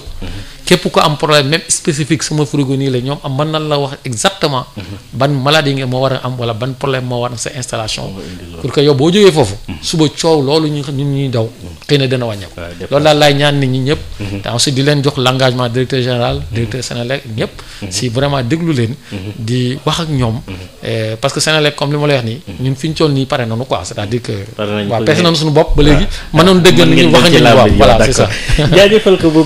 képp ko am problème même spécifique sama frigo nii la ñoom am mën nan la wax exactement mhm. ban maladie nga moo war a am wala ban problème moo war a sa installation oh, pour que yow boo jógee foofu mhm. suba coow loolu ñu ñun ñuy daw mhm. xëy na dana wàññeeku loolu daal laay ñaan nit ñi ñëpp di leen jox l'engagement directeur général directeur Sénélec ñëpp si vraiment déglu leen di wax ak ñoom eh, parce que Sénélec comme li ma lay wax nii ñun fi ñu toll pare nañu ko bu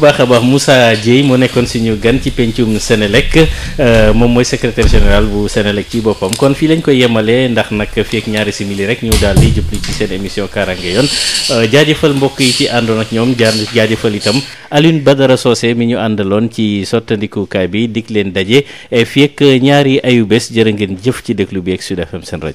a Guèye moo nekkoon suñu gan ci pencum Senelec euh, moom mooy secrétaire général bu Senelec ci boppam kon fii lañ koy yemalee ndax nag fii ak ñaari simili rek ñu daal di jublu ci seen émission Kaarange yoon euh, jaajëfal mbokk yi ci àndoon ak ñoom jaar jaajëfal itam Alioune Badara Socé mi ñu àndaloon ci sottandikukaay bi dig leen daje fii ak ñaari ayu bés jërë ngeen jëf ci déglu bi ak Sud FM seen rajo.